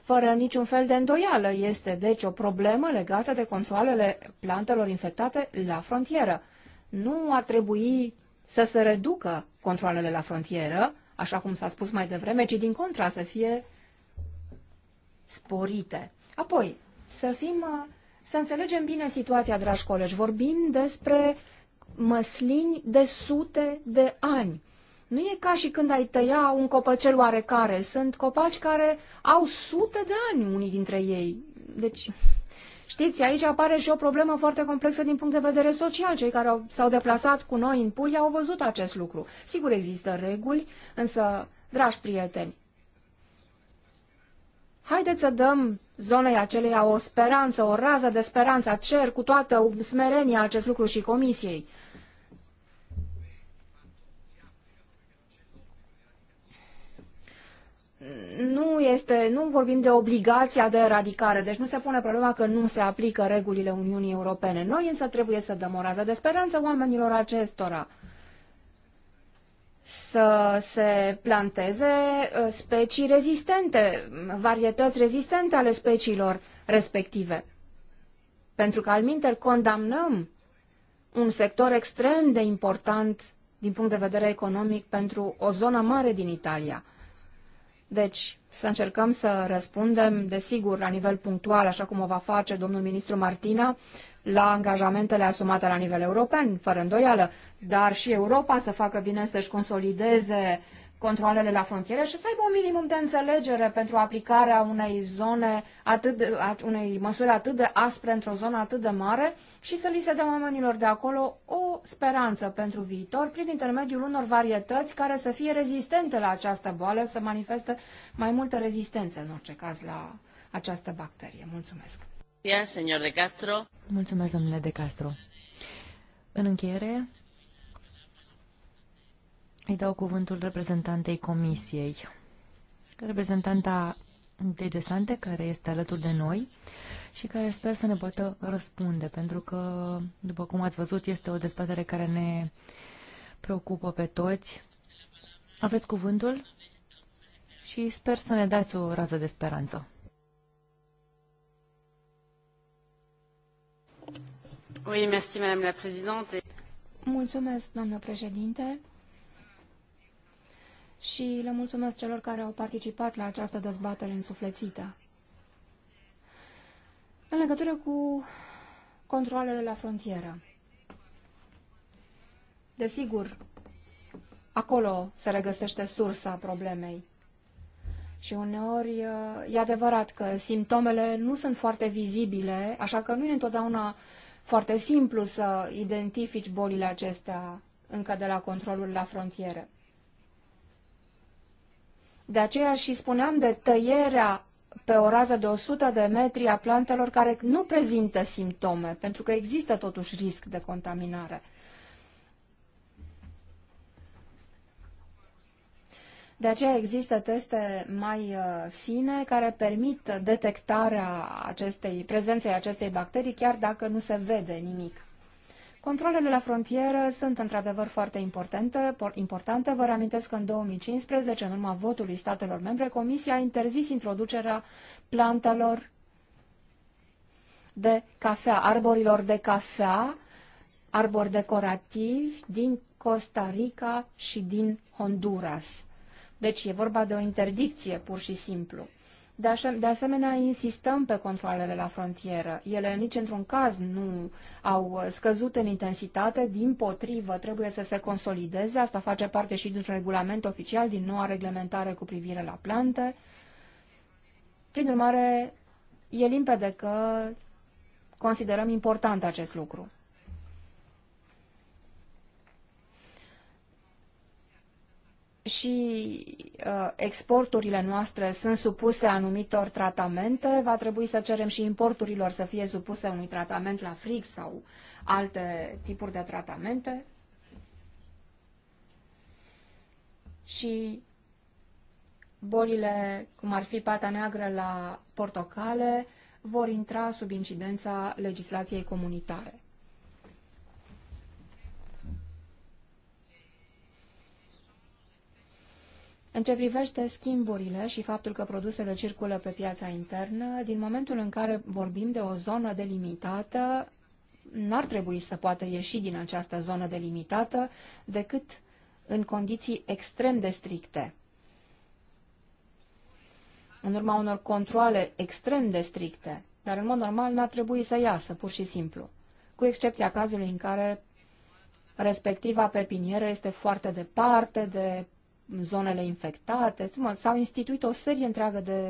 fără niciun fel de îndoială. Este, deci, o problemă legată de controlele plantelor infectate la frontieră. Nu ar trebui să se reducă controlele la frontieră, așa cum s-a spus mai devreme, ci din contra să fie sporite. Apoi, să fim, să înțelegem bine situația, dragi colegi. Vorbim despre măslini de sute de ani. Nu e ca și când ai tăia un copăcel oarecare. Sunt copaci care au sute de ani, unii dintre ei. Deci, știți, aici apare și o problemă foarte complexă din punct de vedere social. Cei care s-au deplasat cu noi în Puglia au văzut acest lucru. Sigur, există reguli, însă, dragi prieteni, haideți să dăm zonei aceleia o speranță, o rază de speranță, cer cu toată smerenia acest lucru și comisiei. nu, este, nu vorbim de obligația de eradicare, deci nu se pune problema că nu se aplică regulile Uniunii Europene. Noi însă trebuie să dăm o rază de speranță oamenilor acestora să se planteze uh, specii rezistente, varietăți rezistente ale speciilor respective. Pentru că alminter condamnăm un sector extrem de important din punct de vedere economic pentru o zonă mare din Italia. Deci, să încercăm să răspundem, desigur, la nivel punctual, așa cum o va face domnul ministru Martina, la angajamentele asumate la nivel european, fără îndoială, dar și Europa să facă bine să-și consolideze controlele la frontiere și să aibă un minimum de înțelegere pentru aplicarea unei zone atât de, unei măsuri atât de aspre într-o zonă atât de mare și să li se dea oamenilor de acolo o speranță pentru viitor prin intermediul unor varietăți care să fie rezistente la această boală, să manifeste mai multă rezistență în orice caz la această bacterie. Mulțumesc. de Castro. Mulțumesc, domnule De Castro. În încheiere, îi dau cuvântul reprezentantei comisiei. Reprezentanta Degesante, care este alături de noi și care sper să ne poată răspunde, pentru că, după cum ați văzut, este o dezbatere care ne preocupă pe toți. Aveți cuvântul și sper să ne dați o rază de speranță. Oui, merci, Madame la Mulțumesc, doamnă președinte și le mulțumesc celor care au participat la această dezbatere însuflețită. În legătură cu controlele la frontieră. Desigur, acolo se regăsește sursa problemei. Și uneori e adevărat că simptomele nu sunt foarte vizibile, așa că nu e întotdeauna foarte simplu să identifici bolile acestea încă de la controlul la frontieră. De aceea și spuneam de tăierea pe o rază de 100 de metri a plantelor care nu prezintă simptome, pentru că există totuși risc de contaminare. De aceea există teste mai uh, fine care permit detectarea acestei, prezenței acestei bacterii, chiar dacă nu se vede nimic. Controlele la frontieră sunt într-adevăr foarte importante. importante. Vă reamintesc că în 2015, în urma votului statelor membre, Comisia a interzis introducerea plantelor de cafea, arborilor de cafea, arbori decorativi din Costa Rica și din Honduras. Deci e vorba de o interdicție pur și simplu. De asemenea, insistăm pe controlele la frontieră. Ele nici într-un caz nu au uh, scăzut în intensitate, din potrivă trebuie să se consolideze. Asta face parte și dintr-un regulament oficial, din noua reglementare cu privire la plante. Prin urmare, e limpede că considerăm important acest lucru. și uh, exporturile noastre sunt supuse anumitor tratamente, va trebui să cerem și importurilor să fie supuse unui tratament la frig sau alte tipuri de tratamente. Și bolile, cum ar fi pata neagră la portocale, vor intra sub incidența legislației comunitare. În ce privește schimburile și faptul că produsele circulă pe piața internă, din momentul în care vorbim de o zonă delimitată, nu ar trebui să poată ieși din această zonă delimitată decât în condiții extrem de stricte. În urma unor controle extrem de stricte, dar în mod normal n-ar trebui să iasă, pur și simplu, cu excepția cazului în care respectiva pepinieră este foarte departe de zonele infectate. S-au instituit o serie întreagă de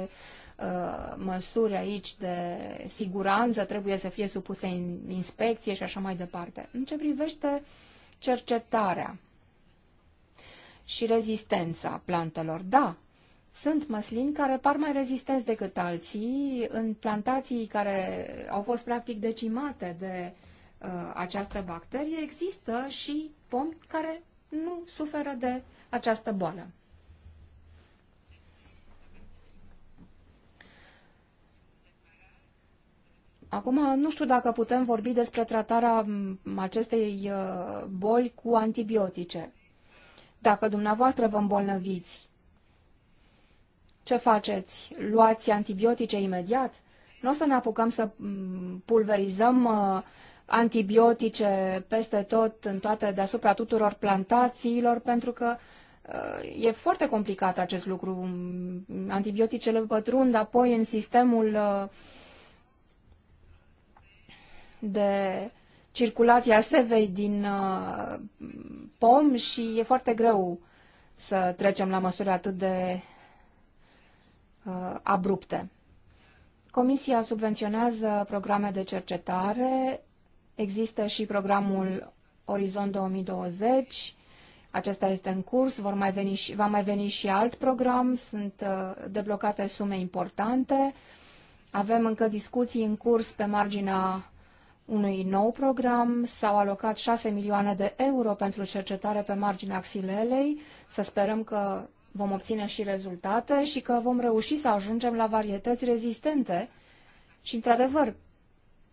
uh, măsuri aici de siguranță, trebuie să fie supuse în inspecție și așa mai departe. În ce privește cercetarea și rezistența plantelor, da, sunt măslini care par mai rezistenți decât alții în plantații care au fost practic decimate de uh, această bacterie. Există și pomi care nu suferă de această boală. Acum, nu știu dacă putem vorbi despre tratarea acestei uh, boli cu antibiotice. Dacă dumneavoastră vă îmbolnăviți, ce faceți? Luați antibiotice imediat? Nu o să ne apucăm să pulverizăm uh, antibiotice peste tot, în toate, deasupra tuturor plantațiilor, pentru că uh, e foarte complicat acest lucru. Antibioticele pătrund apoi în sistemul uh, de circulație a sevei din uh, pom și e foarte greu să trecem la măsuri atât de abrupte. Comisia subvenționează programe de cercetare Există și programul Orizont 2020, acesta este în curs, vor mai veni și, va mai veni și alt program, sunt uh, deblocate sume importante. Avem încă discuții în curs pe marginea unui nou program, s-au alocat 6 milioane de euro pentru cercetare pe marginea axilelei. să sperăm că vom obține și rezultate și că vom reuși să ajungem la varietăți rezistente. Și, într-adevăr,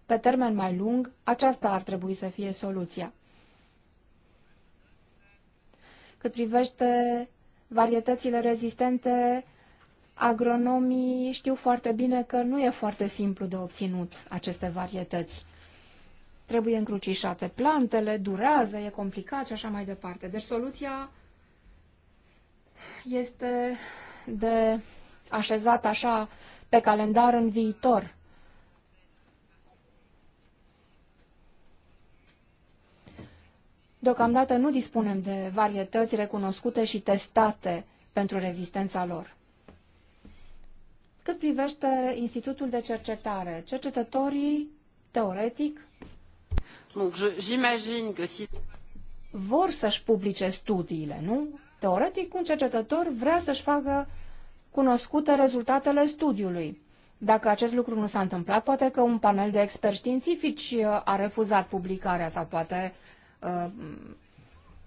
pe termen mai lung, aceasta ar trebui să fie soluția. Cât privește varietățile rezistente, agronomii știu foarte bine că nu e foarte simplu de obținut aceste varietăți. Trebuie încrucișate plantele, durează, e complicat și așa mai departe. Deci soluția este de așezat așa pe calendar în viitor. Deocamdată nu dispunem de varietăți recunoscute și testate pentru rezistența lor. Cât privește Institutul de Cercetare, cercetătorii, teoretic, vor să-și publice studiile, nu? Teoretic, un cercetător vrea să-și facă cunoscute rezultatele studiului. Dacă acest lucru nu s-a întâmplat, poate că un panel de experți științifici uh, a refuzat publicarea sau poate Uh,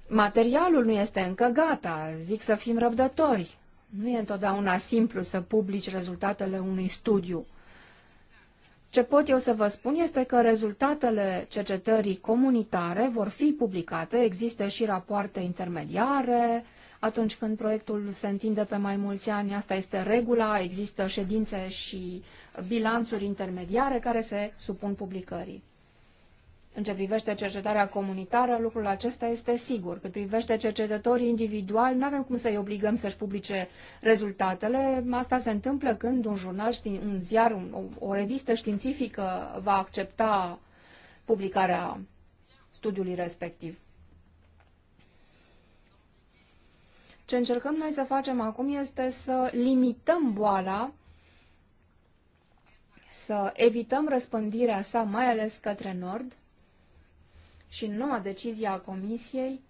materialul nu este încă gata, zic să fim răbdători. Nu e întotdeauna simplu să publici rezultatele unui studiu. Ce pot eu să vă spun este că rezultatele cercetării comunitare vor fi publicate, există și rapoarte intermediare, atunci când proiectul se întinde pe mai mulți ani, asta este regula, există ședințe și bilanțuri intermediare care se supun publicării. În ce privește cercetarea comunitară, lucrul acesta este sigur. Cât privește cercetătorii individuali, nu avem cum să-i obligăm să-și publice rezultatele. Asta se întâmplă când un jurnal, un ziar, un, o, o revistă științifică va accepta publicarea studiului respectiv. Ce încercăm noi să facem acum este să limităm boala, să evităm răspândirea sa, mai ales către nord, și în noua decizie a Comisiei,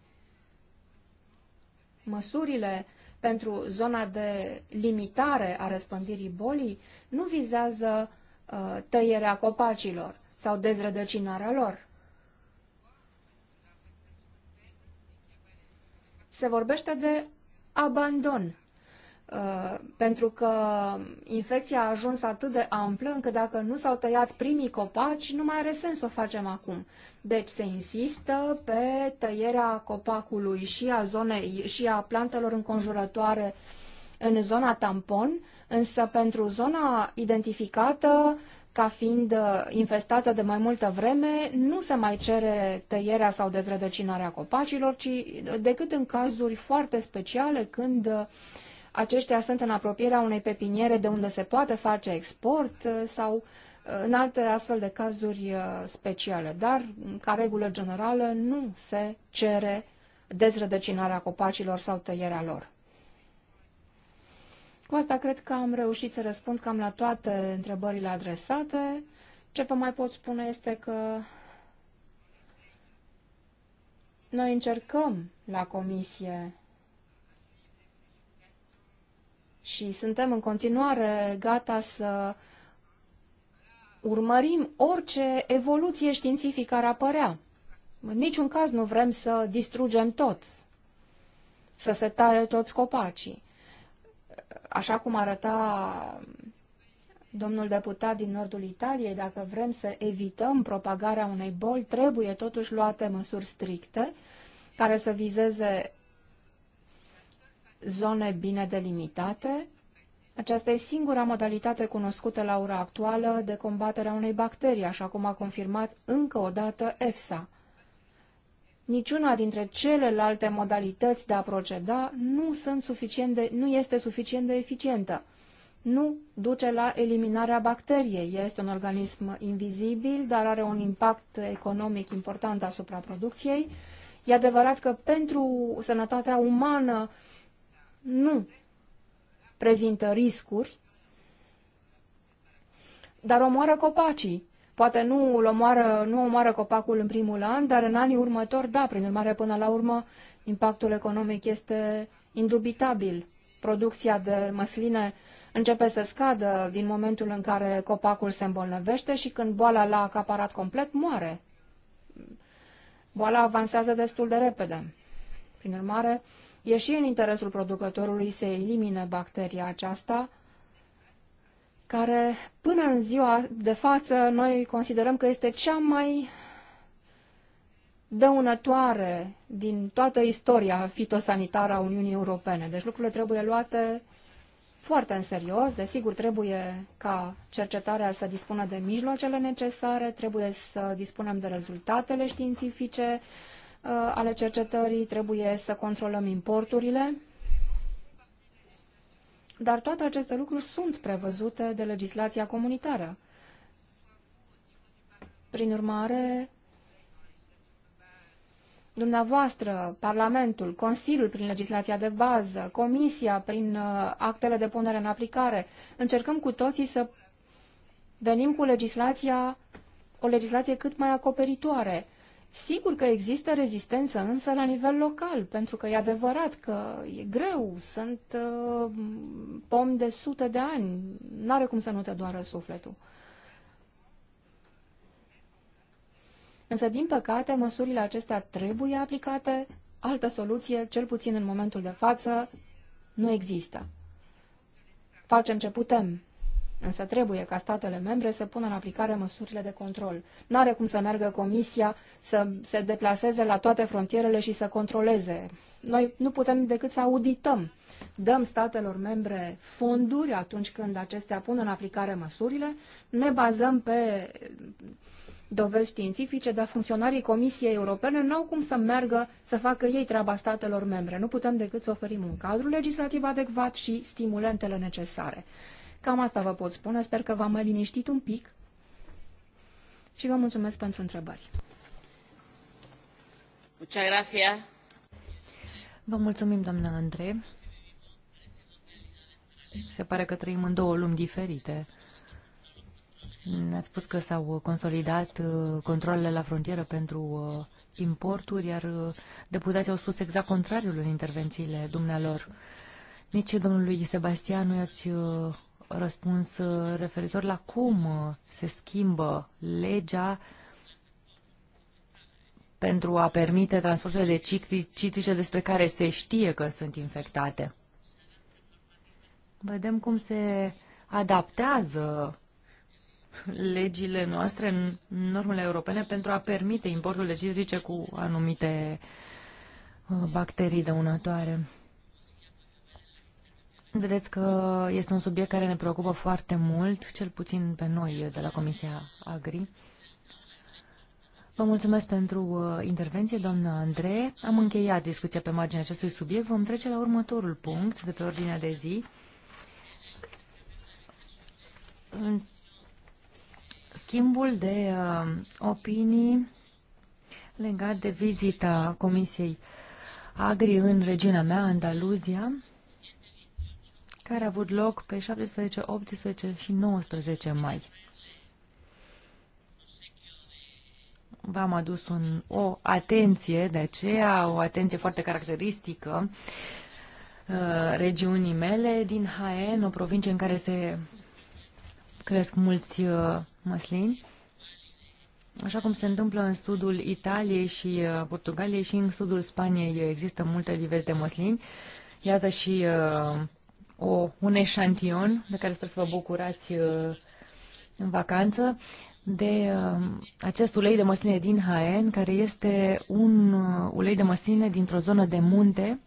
măsurile pentru zona de limitare a răspândirii bolii nu vizează uh, tăierea copacilor sau dezrădăcinarea lor. Se vorbește de abandon Uh, pentru că infecția a ajuns atât de amplă încât dacă nu s-au tăiat primii copaci, nu mai are sens să o facem acum. Deci se insistă pe tăierea copacului și a, zonei, și a plantelor înconjurătoare în zona tampon, însă pentru zona identificată ca fiind uh, infestată de mai multă vreme, nu se mai cere tăierea sau dezrădăcinarea copacilor, ci uh, decât în cazuri foarte speciale când uh, aceștia sunt în apropierea unei pepiniere de unde se poate face export uh, sau uh, în alte astfel de cazuri uh, speciale. Dar, ca regulă generală, nu se cere dezrădăcinarea copacilor sau tăierea lor. Cu asta cred că am reușit să răspund cam la toate întrebările adresate. Ce vă mai pot spune este că noi încercăm la comisie și suntem în continuare gata să urmărim orice evoluție științifică ar apărea. În niciun caz nu vrem să distrugem tot, să se taie toți copacii. Așa cum arăta domnul deputat din nordul Italiei, dacă vrem să evităm propagarea unei boli, trebuie totuși luate măsuri stricte care să vizeze zone bine delimitate. Aceasta e singura modalitate cunoscută la ora actuală de combaterea unei bacterii, așa cum a confirmat încă o dată EFSA. Niciuna dintre celelalte modalități de a proceda nu, sunt suficient de, nu este suficient de eficientă. Nu duce la eliminarea bacteriei. Este un organism invizibil, dar are un impact economic important asupra producției. E adevărat că pentru sănătatea umană nu prezintă riscuri, dar omoară copacii. Poate nu, îl omoară, nu omoară copacul în primul an, dar în anii următori, da, prin urmare, până la urmă, impactul economic este indubitabil. Producția de măsline începe să scadă din momentul în care copacul se îmbolnăvește și când boala l-a acaparat complet, moare. Boala avansează destul de repede. Prin urmare, E și în interesul producătorului să elimine bacteria aceasta, care până în ziua de față noi considerăm că este cea mai dăunătoare din toată istoria fitosanitară a Uniunii Europene. Deci lucrurile trebuie luate foarte în serios. Desigur, trebuie ca cercetarea să dispună de mijloacele necesare, trebuie să dispunem de rezultatele științifice, Uh, ale cercetării, trebuie să controlăm importurile, dar toate aceste lucruri sunt prevăzute de legislația comunitară. Prin urmare, dumneavoastră, Parlamentul, Consiliul prin legislația de bază, Comisia prin uh, actele de punere în aplicare, încercăm cu toții să venim cu legislația, o legislație cât mai acoperitoare, Sigur că există rezistență însă la nivel local, pentru că e adevărat că e greu, sunt uh, pom de sute de ani, n-are cum să nu te doară sufletul. Însă, din păcate, măsurile acestea trebuie aplicate, altă soluție, cel puțin în momentul de față, nu există. Facem ce putem, Însă trebuie ca statele membre să pună în aplicare măsurile de control. N-are cum să meargă comisia să se deplaseze la toate frontierele și să controleze. Noi nu putem decât să audităm. Dăm statelor membre fonduri atunci când acestea pun în aplicare măsurile. Ne bazăm pe dovezi științifice, dar funcționarii Comisiei Europene nu au cum să meargă să facă ei treaba statelor membre. Nu putem decât să oferim un cadru legislativ adecvat și stimulentele necesare. Cam asta vă pot spune. Sper că v-am liniștit un pic și vă mulțumesc pentru întrebări. Muchas gracias. Vă mulțumim, doamna Andrei. Se pare că trăim în două lumi diferite. Ne-ați spus că s-au consolidat uh, controlele la frontieră pentru uh, importuri, iar uh, deputații au spus exact contrariul în intervențiile dumnealor. Nici domnului Sebastian nu i-ați răspuns uh, referitor la cum uh, se schimbă legea pentru a permite transportul de citrice despre care se știe că sunt infectate. Vedem cum se adaptează legile noastre, în normele europene, pentru a permite importul de citrice cu anumite uh, bacterii dăunătoare. Vedeți că este un subiect care ne preocupă foarte mult, cel puțin pe noi de la Comisia Agri. Vă mulțumesc pentru uh, intervenție, doamna Andrei. Am încheiat discuția pe marginea acestui subiect. Vom trece la următorul punct de pe ordinea de zi. În schimbul de uh, opinii legat de vizita Comisiei Agri în regiunea mea, Andaluzia, care a avut loc pe 17, 18 și 19 mai. V-am adus un, o atenție, de aceea o atenție foarte caracteristică uh, regiunii mele din Haen, o provincie în care se cresc mulți uh, măslini, așa cum se întâmplă în sudul Italiei și uh, Portugaliei și în sudul Spaniei există multe livezi de măslini. Iată și uh, o, un eșantion de care sper să vă bucurați uh, în vacanță de uh, acest ulei de măsline din Haen, care este un uh, ulei de măsline dintr-o zonă de munte.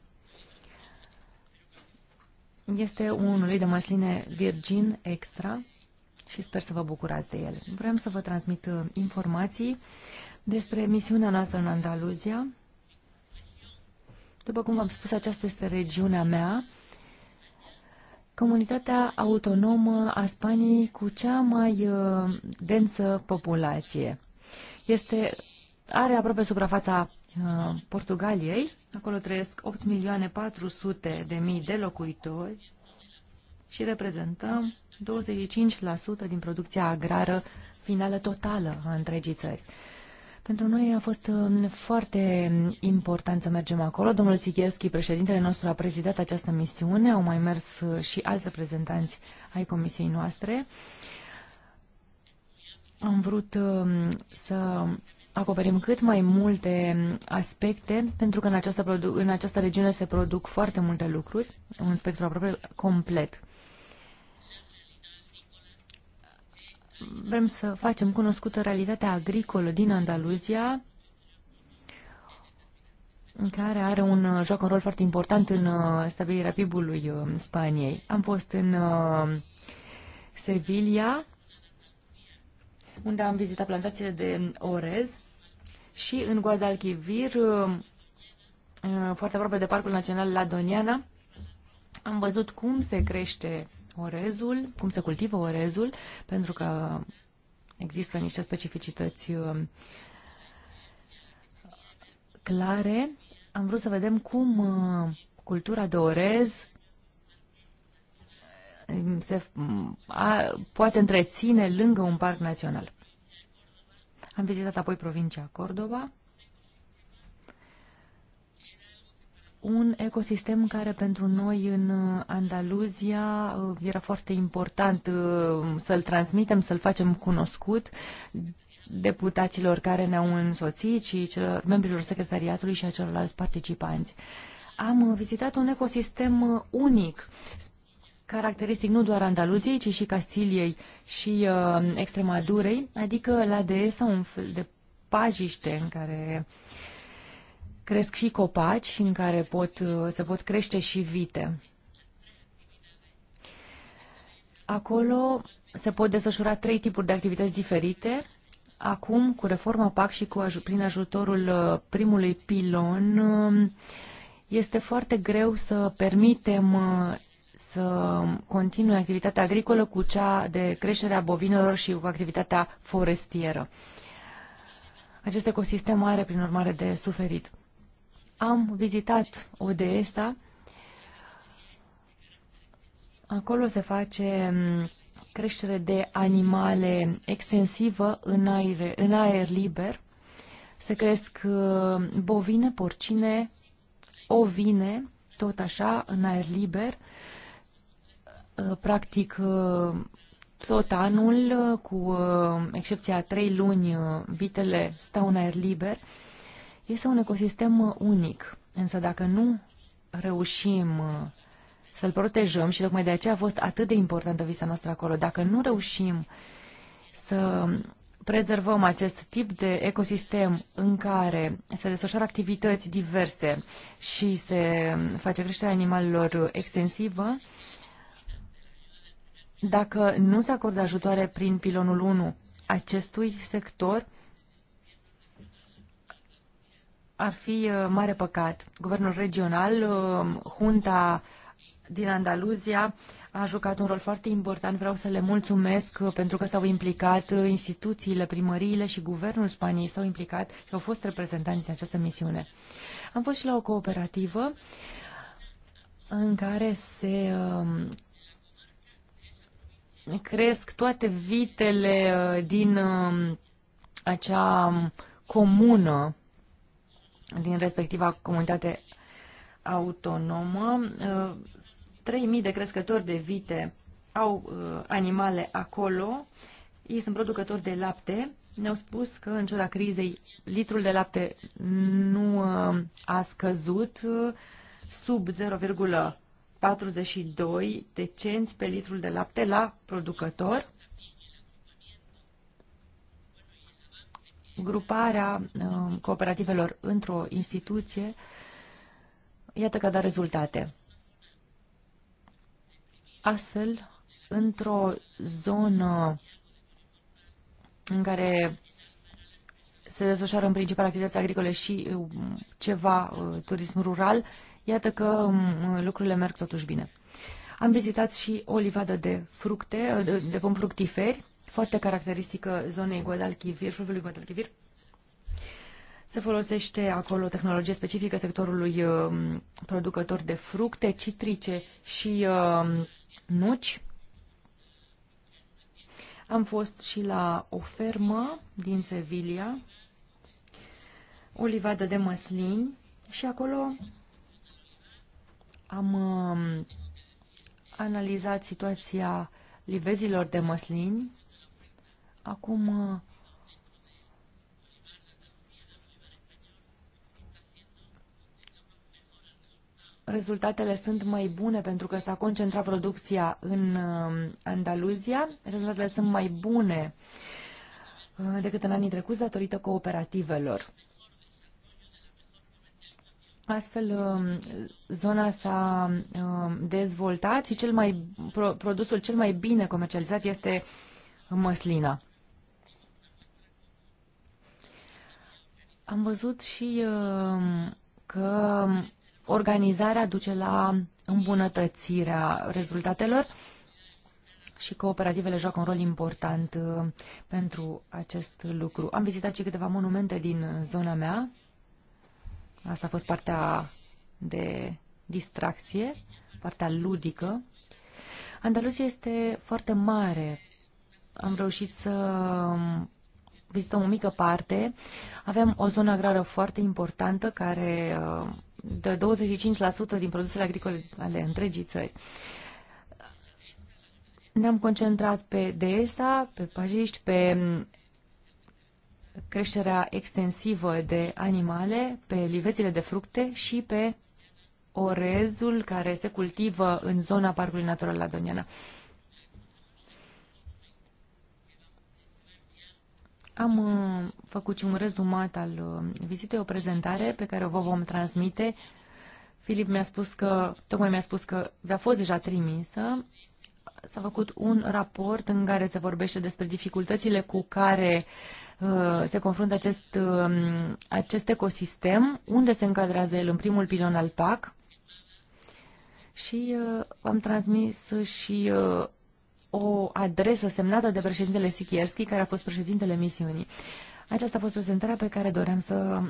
Este un ulei de măsline virgin extra și sper să vă bucurați de el. Vreau să vă transmit informații despre misiunea noastră în Andaluzia. După cum v-am spus, aceasta este regiunea mea comunitatea autonomă a Spaniei cu cea mai uh, densă populație. Este, are aproape suprafața uh, Portugaliei, acolo trăiesc 8 milioane 400 de mii de locuitori și reprezentăm 25% din producția agrară finală totală a întregii țări. Pentru noi a fost um, foarte important să mergem acolo. Domnul Sighelski, președintele nostru, a prezidat această misiune. Au mai mers uh, și alți reprezentanți ai comisiei noastre. Am vrut um, să acoperim cât mai multe aspecte, pentru că în această, în această regiune se produc foarte multe lucruri, un spectru aproape complet. vrem să facem cunoscută realitatea agricolă din Andaluzia, care are un, uh, joc un rol foarte important în uh, stabilirea PIB-ului uh, Spaniei. Am fost în Sevilla, unde am vizitat plantațiile de orez și în Guadalquivir, foarte aproape de Parcul Național La Doniana, am văzut cum se crește orezul, cum se cultivă orezul, pentru că există niște specificități uh, clare. Am vrut să vedem cum uh, cultura de orez um, se a, poate întreține lângă un parc național. Am vizitat apoi provincia Cordova, un ecosistem care pentru noi în uh, Andaluzia uh, era foarte important uh, să-l transmitem, să-l facem cunoscut deputaților care ne-au însoțit și celor, membrilor secretariatului și a celorlalți participanți. Am vizitat un ecosistem unic, caracteristic nu doar Andaluziei, ci și Castiliei și uh, Extremadurei, adică la DS, un fel de pajiște în care uh, cresc și copaci și în care pot, uh, se pot crește și vite. Acolo se pot desfășura trei tipuri de activități diferite. Acum, cu reforma PAC și cu, prin ajutorul uh, primului pilon, um, este foarte greu să permitem uh, să continue activitatea agricolă cu cea de creșterea bovinelor și cu activitatea forestieră. Acest ecosistem are, prin urmare, de suferit am vizitat Odessa. Acolo se face mm, creștere de animale extensivă în aer, în aer liber. Se cresc mm, bovine, porcine, ovine, tot așa, în aer liber. Mm, practic, tot anul, cu excepția trei luni, vitele stau în aer liber este un ecosistem unic, însă dacă nu reușim uh, să-l protejăm și tocmai de aceea a fost atât de importantă visa noastră acolo, dacă nu reușim să prezervăm acest tip de ecosistem în care se desfășoară activități diverse și se face creșterea animalelor extensivă, dacă nu se acordă ajutoare prin pilonul 1 acestui sector, ar fi uh, mare păcat. Guvernul regional, uh, junta din Andaluzia, a jucat un rol foarte important. Vreau să le mulțumesc uh, pentru că s-au implicat instituțiile, primăriile și guvernul Spaniei s-au implicat și au fost reprezentanți în această misiune. Am fost și la o cooperativă în care se um, cresc toate vitele din um, acea um, comună din respectiva comunitate autonomă. 3.000 de crescători de vite au uh, animale acolo. Ei sunt producători de lapte. Ne-au spus că, în ciuda crizei, litrul de lapte nu uh, a scăzut uh, sub 0,42 de cenți pe litrul de lapte la producător. gruparea uh, cooperativelor într-o instituție, iată că a dat rezultate. Astfel, într-o zonă în care se desfășoară în principal activități agricole și uh, ceva uh, turism rural, iată că um, lucrurile merg totuși bine. Am vizitat și o livadă de fructe, de pom fructiferi, foarte caracteristică zonei Guadalquivir, fluviului Guadalquivir. Se folosește acolo tehnologie specifică sectorului uh, producător de fructe, citrice și uh, nuci. Am fost și la o fermă din Sevilla, o livadă de măslini și acolo am um, analizat situația livezilor de măslini Acum uh, rezultatele sunt mai bune pentru că s-a concentrat producția în uh, Andaluzia. Rezultatele sunt mai bune uh, decât în anii trecuți datorită cooperativelor. Astfel, zona s-a dezvoltat și cel mai, produsul cel mai bine comercializat este măslina. Am văzut și um, că organizarea duce la îmbunătățirea rezultatelor și cooperativele joacă un rol important uh, pentru acest lucru. Am vizitat și câteva monumente din zona mea. Asta a fost partea de distracție, partea ludică. Andaluzia este foarte mare. Am reușit să um, vizităm o mică parte. Avem o zonă agrară foarte importantă care uh, dă 25% din produsele agricole ale întregii țări. Ne-am concentrat pe DESA, pe pajiști, pe mm, creșterea extensivă de animale, pe livezile de fructe și pe orezul care se cultivă în zona Parcului Natural la Doniana. Am uh, făcut și un rezumat al uh, vizitei, o prezentare pe care o vă vom transmite. Filip mi-a spus că, tocmai mi-a spus că a fost deja trimisă. S-a făcut un raport în care se vorbește despre dificultățile cu care uh, se confruntă acest, um, acest ecosistem, unde se încadrează el în primul pilon al PAC și uh, am transmis și uh, o adresă semnată de președintele Sikierski, care a fost președintele misiunii. Aceasta a fost prezentarea pe care doream să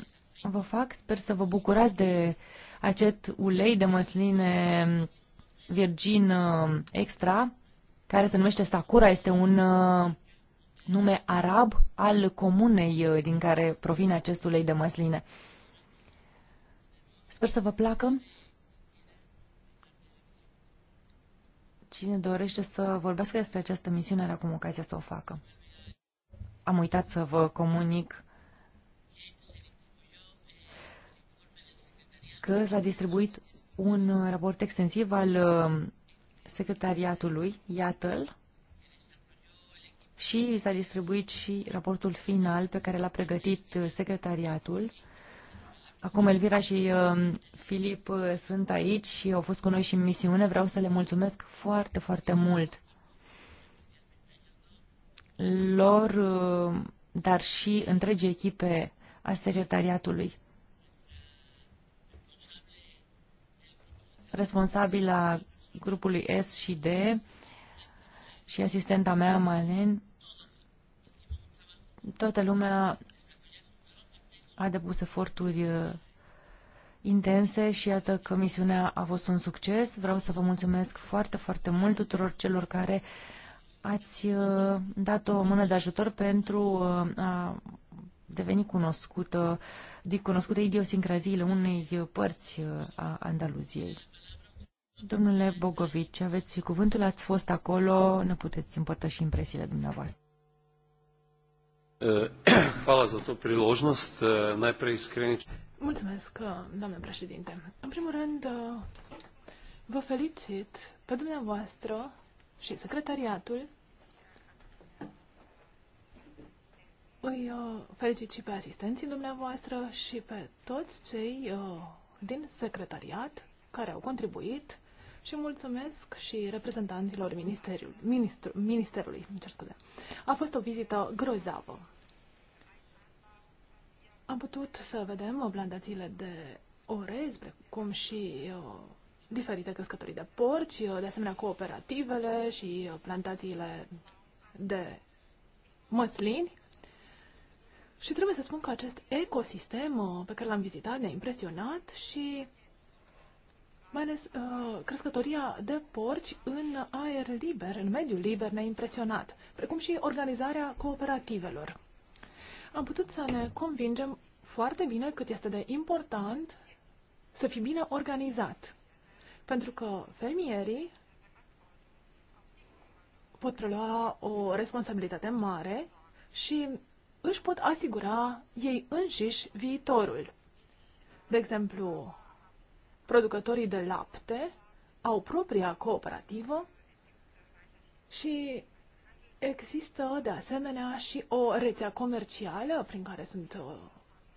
vă fac. Sper să vă bucurați de acest ulei de măsline virgin uh, extra, care se numește Sakura. Este un uh, nume arab al comunei uh, din care provine acest ulei de măsline. Sper să vă placă Cine dorește să vorbească despre această misiune are acum ocazia să o facă. Am uitat să vă comunic că s-a distribuit un raport extensiv al uh, secretariatului, iată-l, și s-a distribuit și raportul final pe care l-a pregătit uh, secretariatul Acum Elvira și um, uh, Filip sunt aici și au fost cu noi și în misiune. Vreau să le mulțumesc foarte, foarte mult lor, uh, dar și întregii echipe a secretariatului. Responsabila grupului S și D și asistenta mea, Malen, toată lumea a depus eforturi uh, intense și iată că misiunea a fost un succes. Vreau să vă mulțumesc foarte, foarte mult tuturor celor care ați uh, dat o mână de ajutor pentru uh, a deveni cunoscută, de cunoscută idiosincraziile unei părți a Andaluziei. Domnule Bogovici, aveți cuvântul, ați fost acolo, ne puteți împărtăși impresiile dumneavoastră. Mulțumesc, uh, doamnă președinte. În primul rând, uh, vă felicit pe dumneavoastră și secretariatul. Îi uh, felicit și pe asistenții dumneavoastră și pe toți cei din secretariat care au contribuit și mulțumesc și reprezentanților ministerului. ministru, ministerului. scuze. A fost o vizită grozavă. Am putut să vedem oblandațiile de orez, precum și uh, diferite crescătorii de porci, uh, de asemenea cooperativele și uh, plantațiile de măslini. Și trebuie să spun că acest ecosistem uh, pe care l-am vizitat ne-a impresionat și mai ales uh, crescătoria de porci în aer liber, în mediul liber, ne-a impresionat, precum și organizarea cooperativelor. Am putut să ne convingem foarte bine cât este de important să fi bine organizat, pentru că fermierii pot prelua o responsabilitate mare și își pot asigura ei înșiși viitorul. De exemplu, producătorii de lapte au propria cooperativă și există de asemenea și o rețea comercială prin care sunt uh,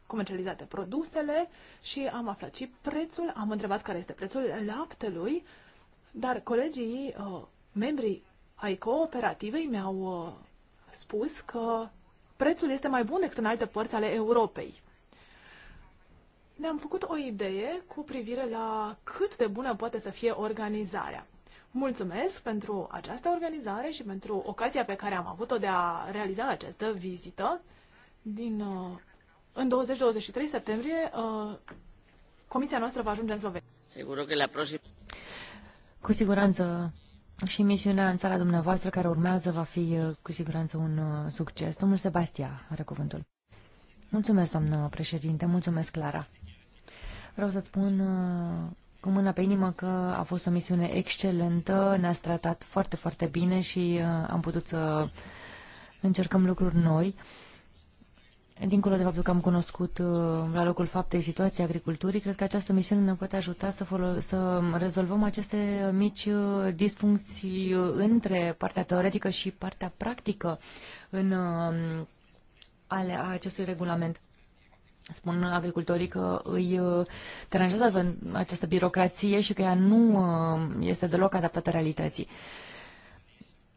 comercializate produsele și am aflat și prețul, am întrebat care este prețul laptelui, dar colegii, uh, membrii ai cooperativei mi-au uh, spus că prețul este mai bun decât în alte părți ale Europei ne-am făcut o idee cu privire la cât de bună poate să fie organizarea. Mulțumesc pentru această organizare și pentru ocazia pe care am avut-o de a realiza această vizită. Din, uh, în 20-23 septembrie, uh, comisia noastră va ajunge în Slovenia. Sigur că la prosim... Cu siguranță și misiunea în sala dumneavoastră care urmează va fi uh, cu siguranță un succes. Domnul Sebastia are cuvântul. Mulțumesc, doamnă președinte, mulțumesc, Clara. Vreau să-ți spun uh, cu mâna pe inimă că a fost o misiune excelentă, ne a tratat foarte, foarte bine și uh, am putut să încercăm lucruri noi. Dincolo de faptul că am cunoscut uh, la locul faptei situația agriculturii, cred că această misiune ne poate ajuta să, să rezolvăm aceste mici disfuncții între partea teoretică și partea practică în ale acestui regulament. Spun agricultorii că îi uh, deranjează această birocrație și că ea nu uh, este deloc adaptată realității.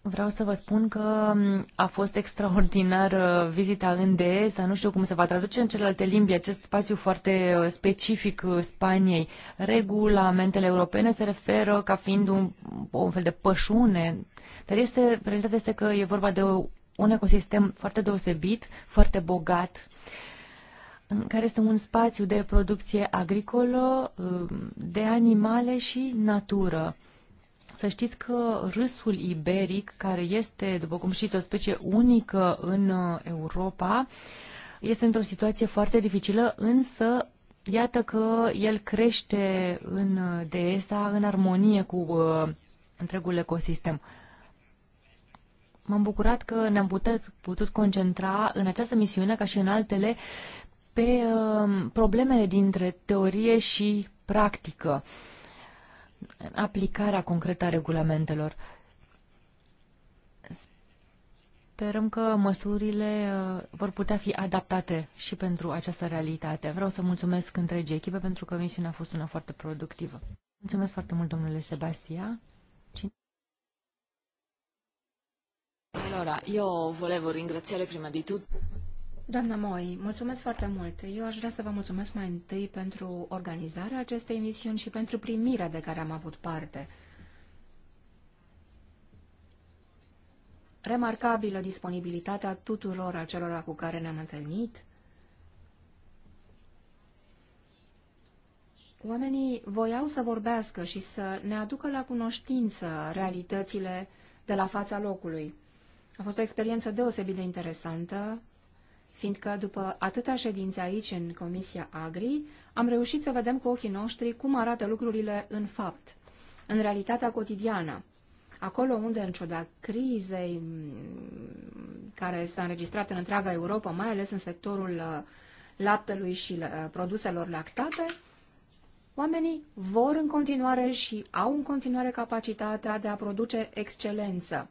Vreau să vă spun că um, a fost extraordinar uh, vizita în să nu știu cum se va traduce în celelalte limbi, acest spațiu foarte specific Spaniei. Regulamentele europene se referă ca fiind un, un fel de pășune, dar este, realitatea este că e vorba de un ecosistem foarte deosebit, foarte bogat, uh, care este un spațiu de producție agricolă, um, de animale și natură. Să știți că râsul iberic, care este, după cum știți, o specie unică în uh, Europa, este într-o situație foarte dificilă, însă iată că el crește în uh, DESA în armonie cu uh, întregul ecosistem. M-am bucurat că ne-am putut, putut concentra în această misiune, ca și în altele, pe um, problemele dintre teorie și practică, aplicarea concretă a regulamentelor. Sperăm că măsurile uh, vor putea fi adaptate și pentru această realitate. Vreau să mulțumesc întregii echipe pentru că misiunea a fost una foarte productivă. Mulțumesc foarte mult, domnule Sebastia. Cine? Allora, io volevo ringraziare prima di tutto. Doamna Moi, mulțumesc foarte mult. Eu aș vrea să vă mulțumesc mai întâi pentru organizarea acestei emisiuni și pentru primirea de care am avut parte. Remarcabilă disponibilitatea tuturor acelora cu care ne-am întâlnit. Oamenii voiau să vorbească și să ne aducă la cunoștință realitățile de la fața locului. A fost o experiență deosebit de interesantă, fiindcă după atâta ședințe aici, în Comisia Agri, am reușit să vedem cu ochii noștri cum arată lucrurile în fapt, în realitatea cotidiană. Acolo unde, în ciuda crizei care s-a înregistrat în întreaga Europa, mai ales în sectorul uh, laptelui și uh, produselor lactate, oamenii vor în continuare și au în continuare capacitatea de a produce excelență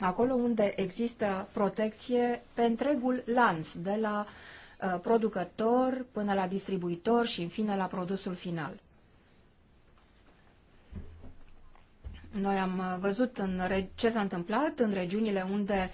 acolo unde există protecție pe întregul lanț, de la uh, producător până la distribuitor și, în fine, la produsul final. Noi am uh, văzut în ce s-a întâmplat în regiunile unde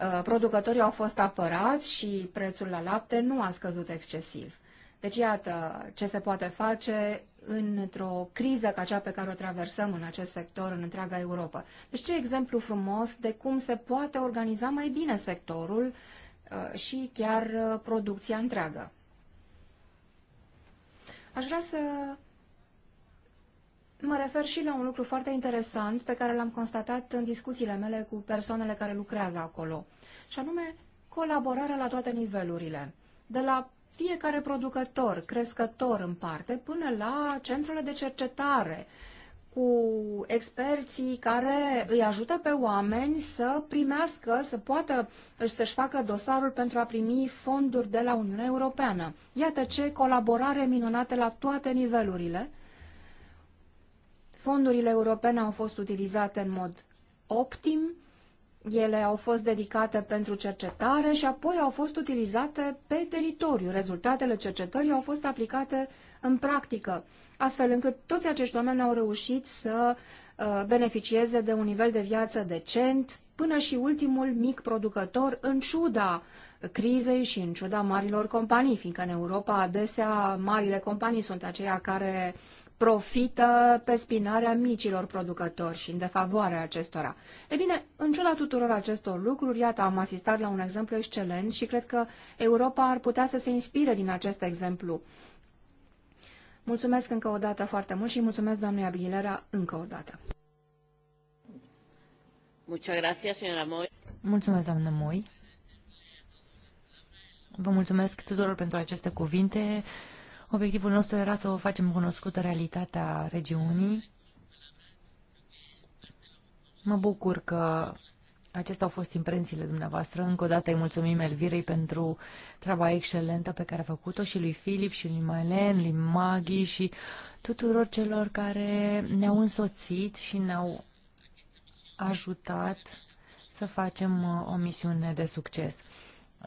uh, producătorii au fost apărați și prețul la lapte nu a scăzut excesiv. Deci, iată ce se poate face într-o criză ca cea pe care o traversăm în acest sector în întreaga Europa. Deci ce exemplu frumos de cum se poate organiza mai bine sectorul uh, și chiar uh, producția întreagă. Aș vrea să mă refer și la un lucru foarte interesant pe care l-am constatat în discuțiile mele cu persoanele care lucrează acolo, și anume colaborarea la toate nivelurile, de la fiecare producător, crescător în parte, până la centrele de cercetare, cu experții care îi ajută pe oameni să primească, să poată să-și facă dosarul pentru a primi fonduri de la Uniunea Europeană. Iată ce colaborare minunată la toate nivelurile. Fondurile europene au fost utilizate în mod optim, ele au fost dedicate pentru cercetare și apoi au fost utilizate pe teritoriu. Rezultatele cercetării au fost aplicate în practică, astfel încât toți acești oameni au reușit să uh, beneficieze de un nivel de viață decent, până și ultimul mic producător, în ciuda crizei și în ciuda marilor companii, fiindcă în Europa adesea marile companii sunt aceia care profită pe spinarea micilor producători și în defavoarea acestora. E bine, în ciuda tuturor acestor lucruri, iată, am asistat la un exemplu excelent și cred că Europa ar putea să se inspire din acest exemplu. Mulțumesc încă o dată foarte mult și mulțumesc doamnei Abilera încă o dată. Mulțumesc, doamnă Moi. Vă mulțumesc tuturor pentru aceste cuvinte. Obiectivul nostru era să o facem cunoscută realitatea regiunii. Mă bucur că acestea au fost impresiile dumneavoastră. Încă o dată îi mulțumim Elvirei pentru treaba excelentă pe care a făcut-o și lui Filip și lui Mailen, lui Maghi și tuturor celor care ne-au însoțit și ne-au ajutat să facem uh, o misiune de succes.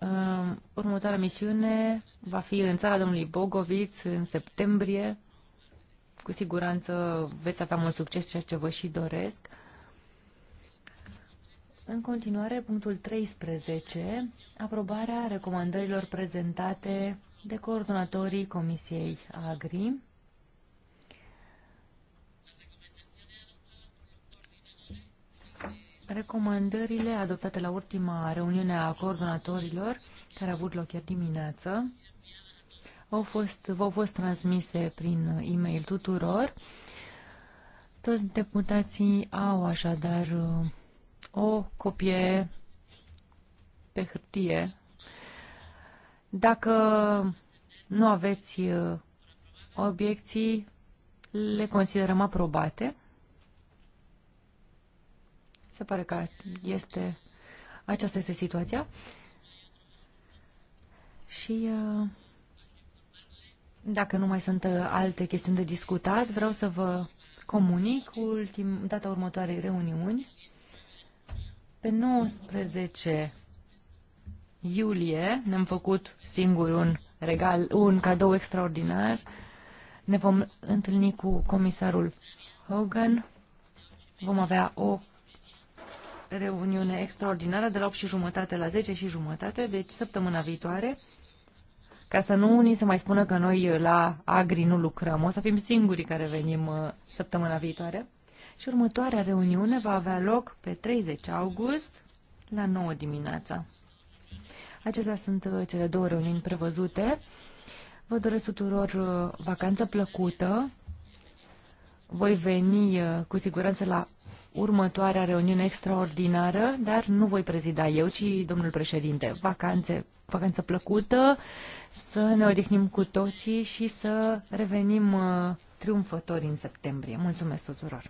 Ehm, următoarea misiune va fi în țara domnului Bogoviț în septembrie. Cu siguranță veți avea mult succes, ceea ce vă și doresc. În continuare, punctul 13, aprobarea recomandărilor prezentate de coordonatorii Comisiei Agri Recomandările adoptate la ultima reuniune a coordonatorilor, care a avut loc ieri dimineață, au fost, v-au fost transmise prin e-mail tuturor. Toți deputații au așadar uh, o copie pe hârtie. Dacă nu aveți uh, obiecții, le considerăm aprobate. Se pare că este, aceasta este situația. Și uh, dacă nu mai sunt uh, alte chestiuni de discutat, vreau să vă comunic ultim, data următoarei reuniuni. Pe 19 iulie ne-am făcut singur un regal, un cadou extraordinar. Ne vom întâlni cu comisarul Hogan. Vom avea o reuniune extraordinară de la 8 și jumătate la 10 și jumătate, deci săptămâna viitoare, ca să nu ni se mai spună că noi la Agri nu lucrăm. O să fim singurii care venim uh, săptămâna viitoare. Și următoarea reuniune va avea loc pe 30 august la 9 dimineața. Acestea sunt uh, cele două reuniuni prevăzute. Vă doresc tuturor uh, vacanță plăcută. Voi veni cu siguranță la următoarea reuniune extraordinară, dar nu voi prezida eu, ci domnul președinte. Vacanțe, vacanță plăcută, să ne odihnim cu toții și să revenim uh, triumfători în septembrie. Mulțumesc tuturor!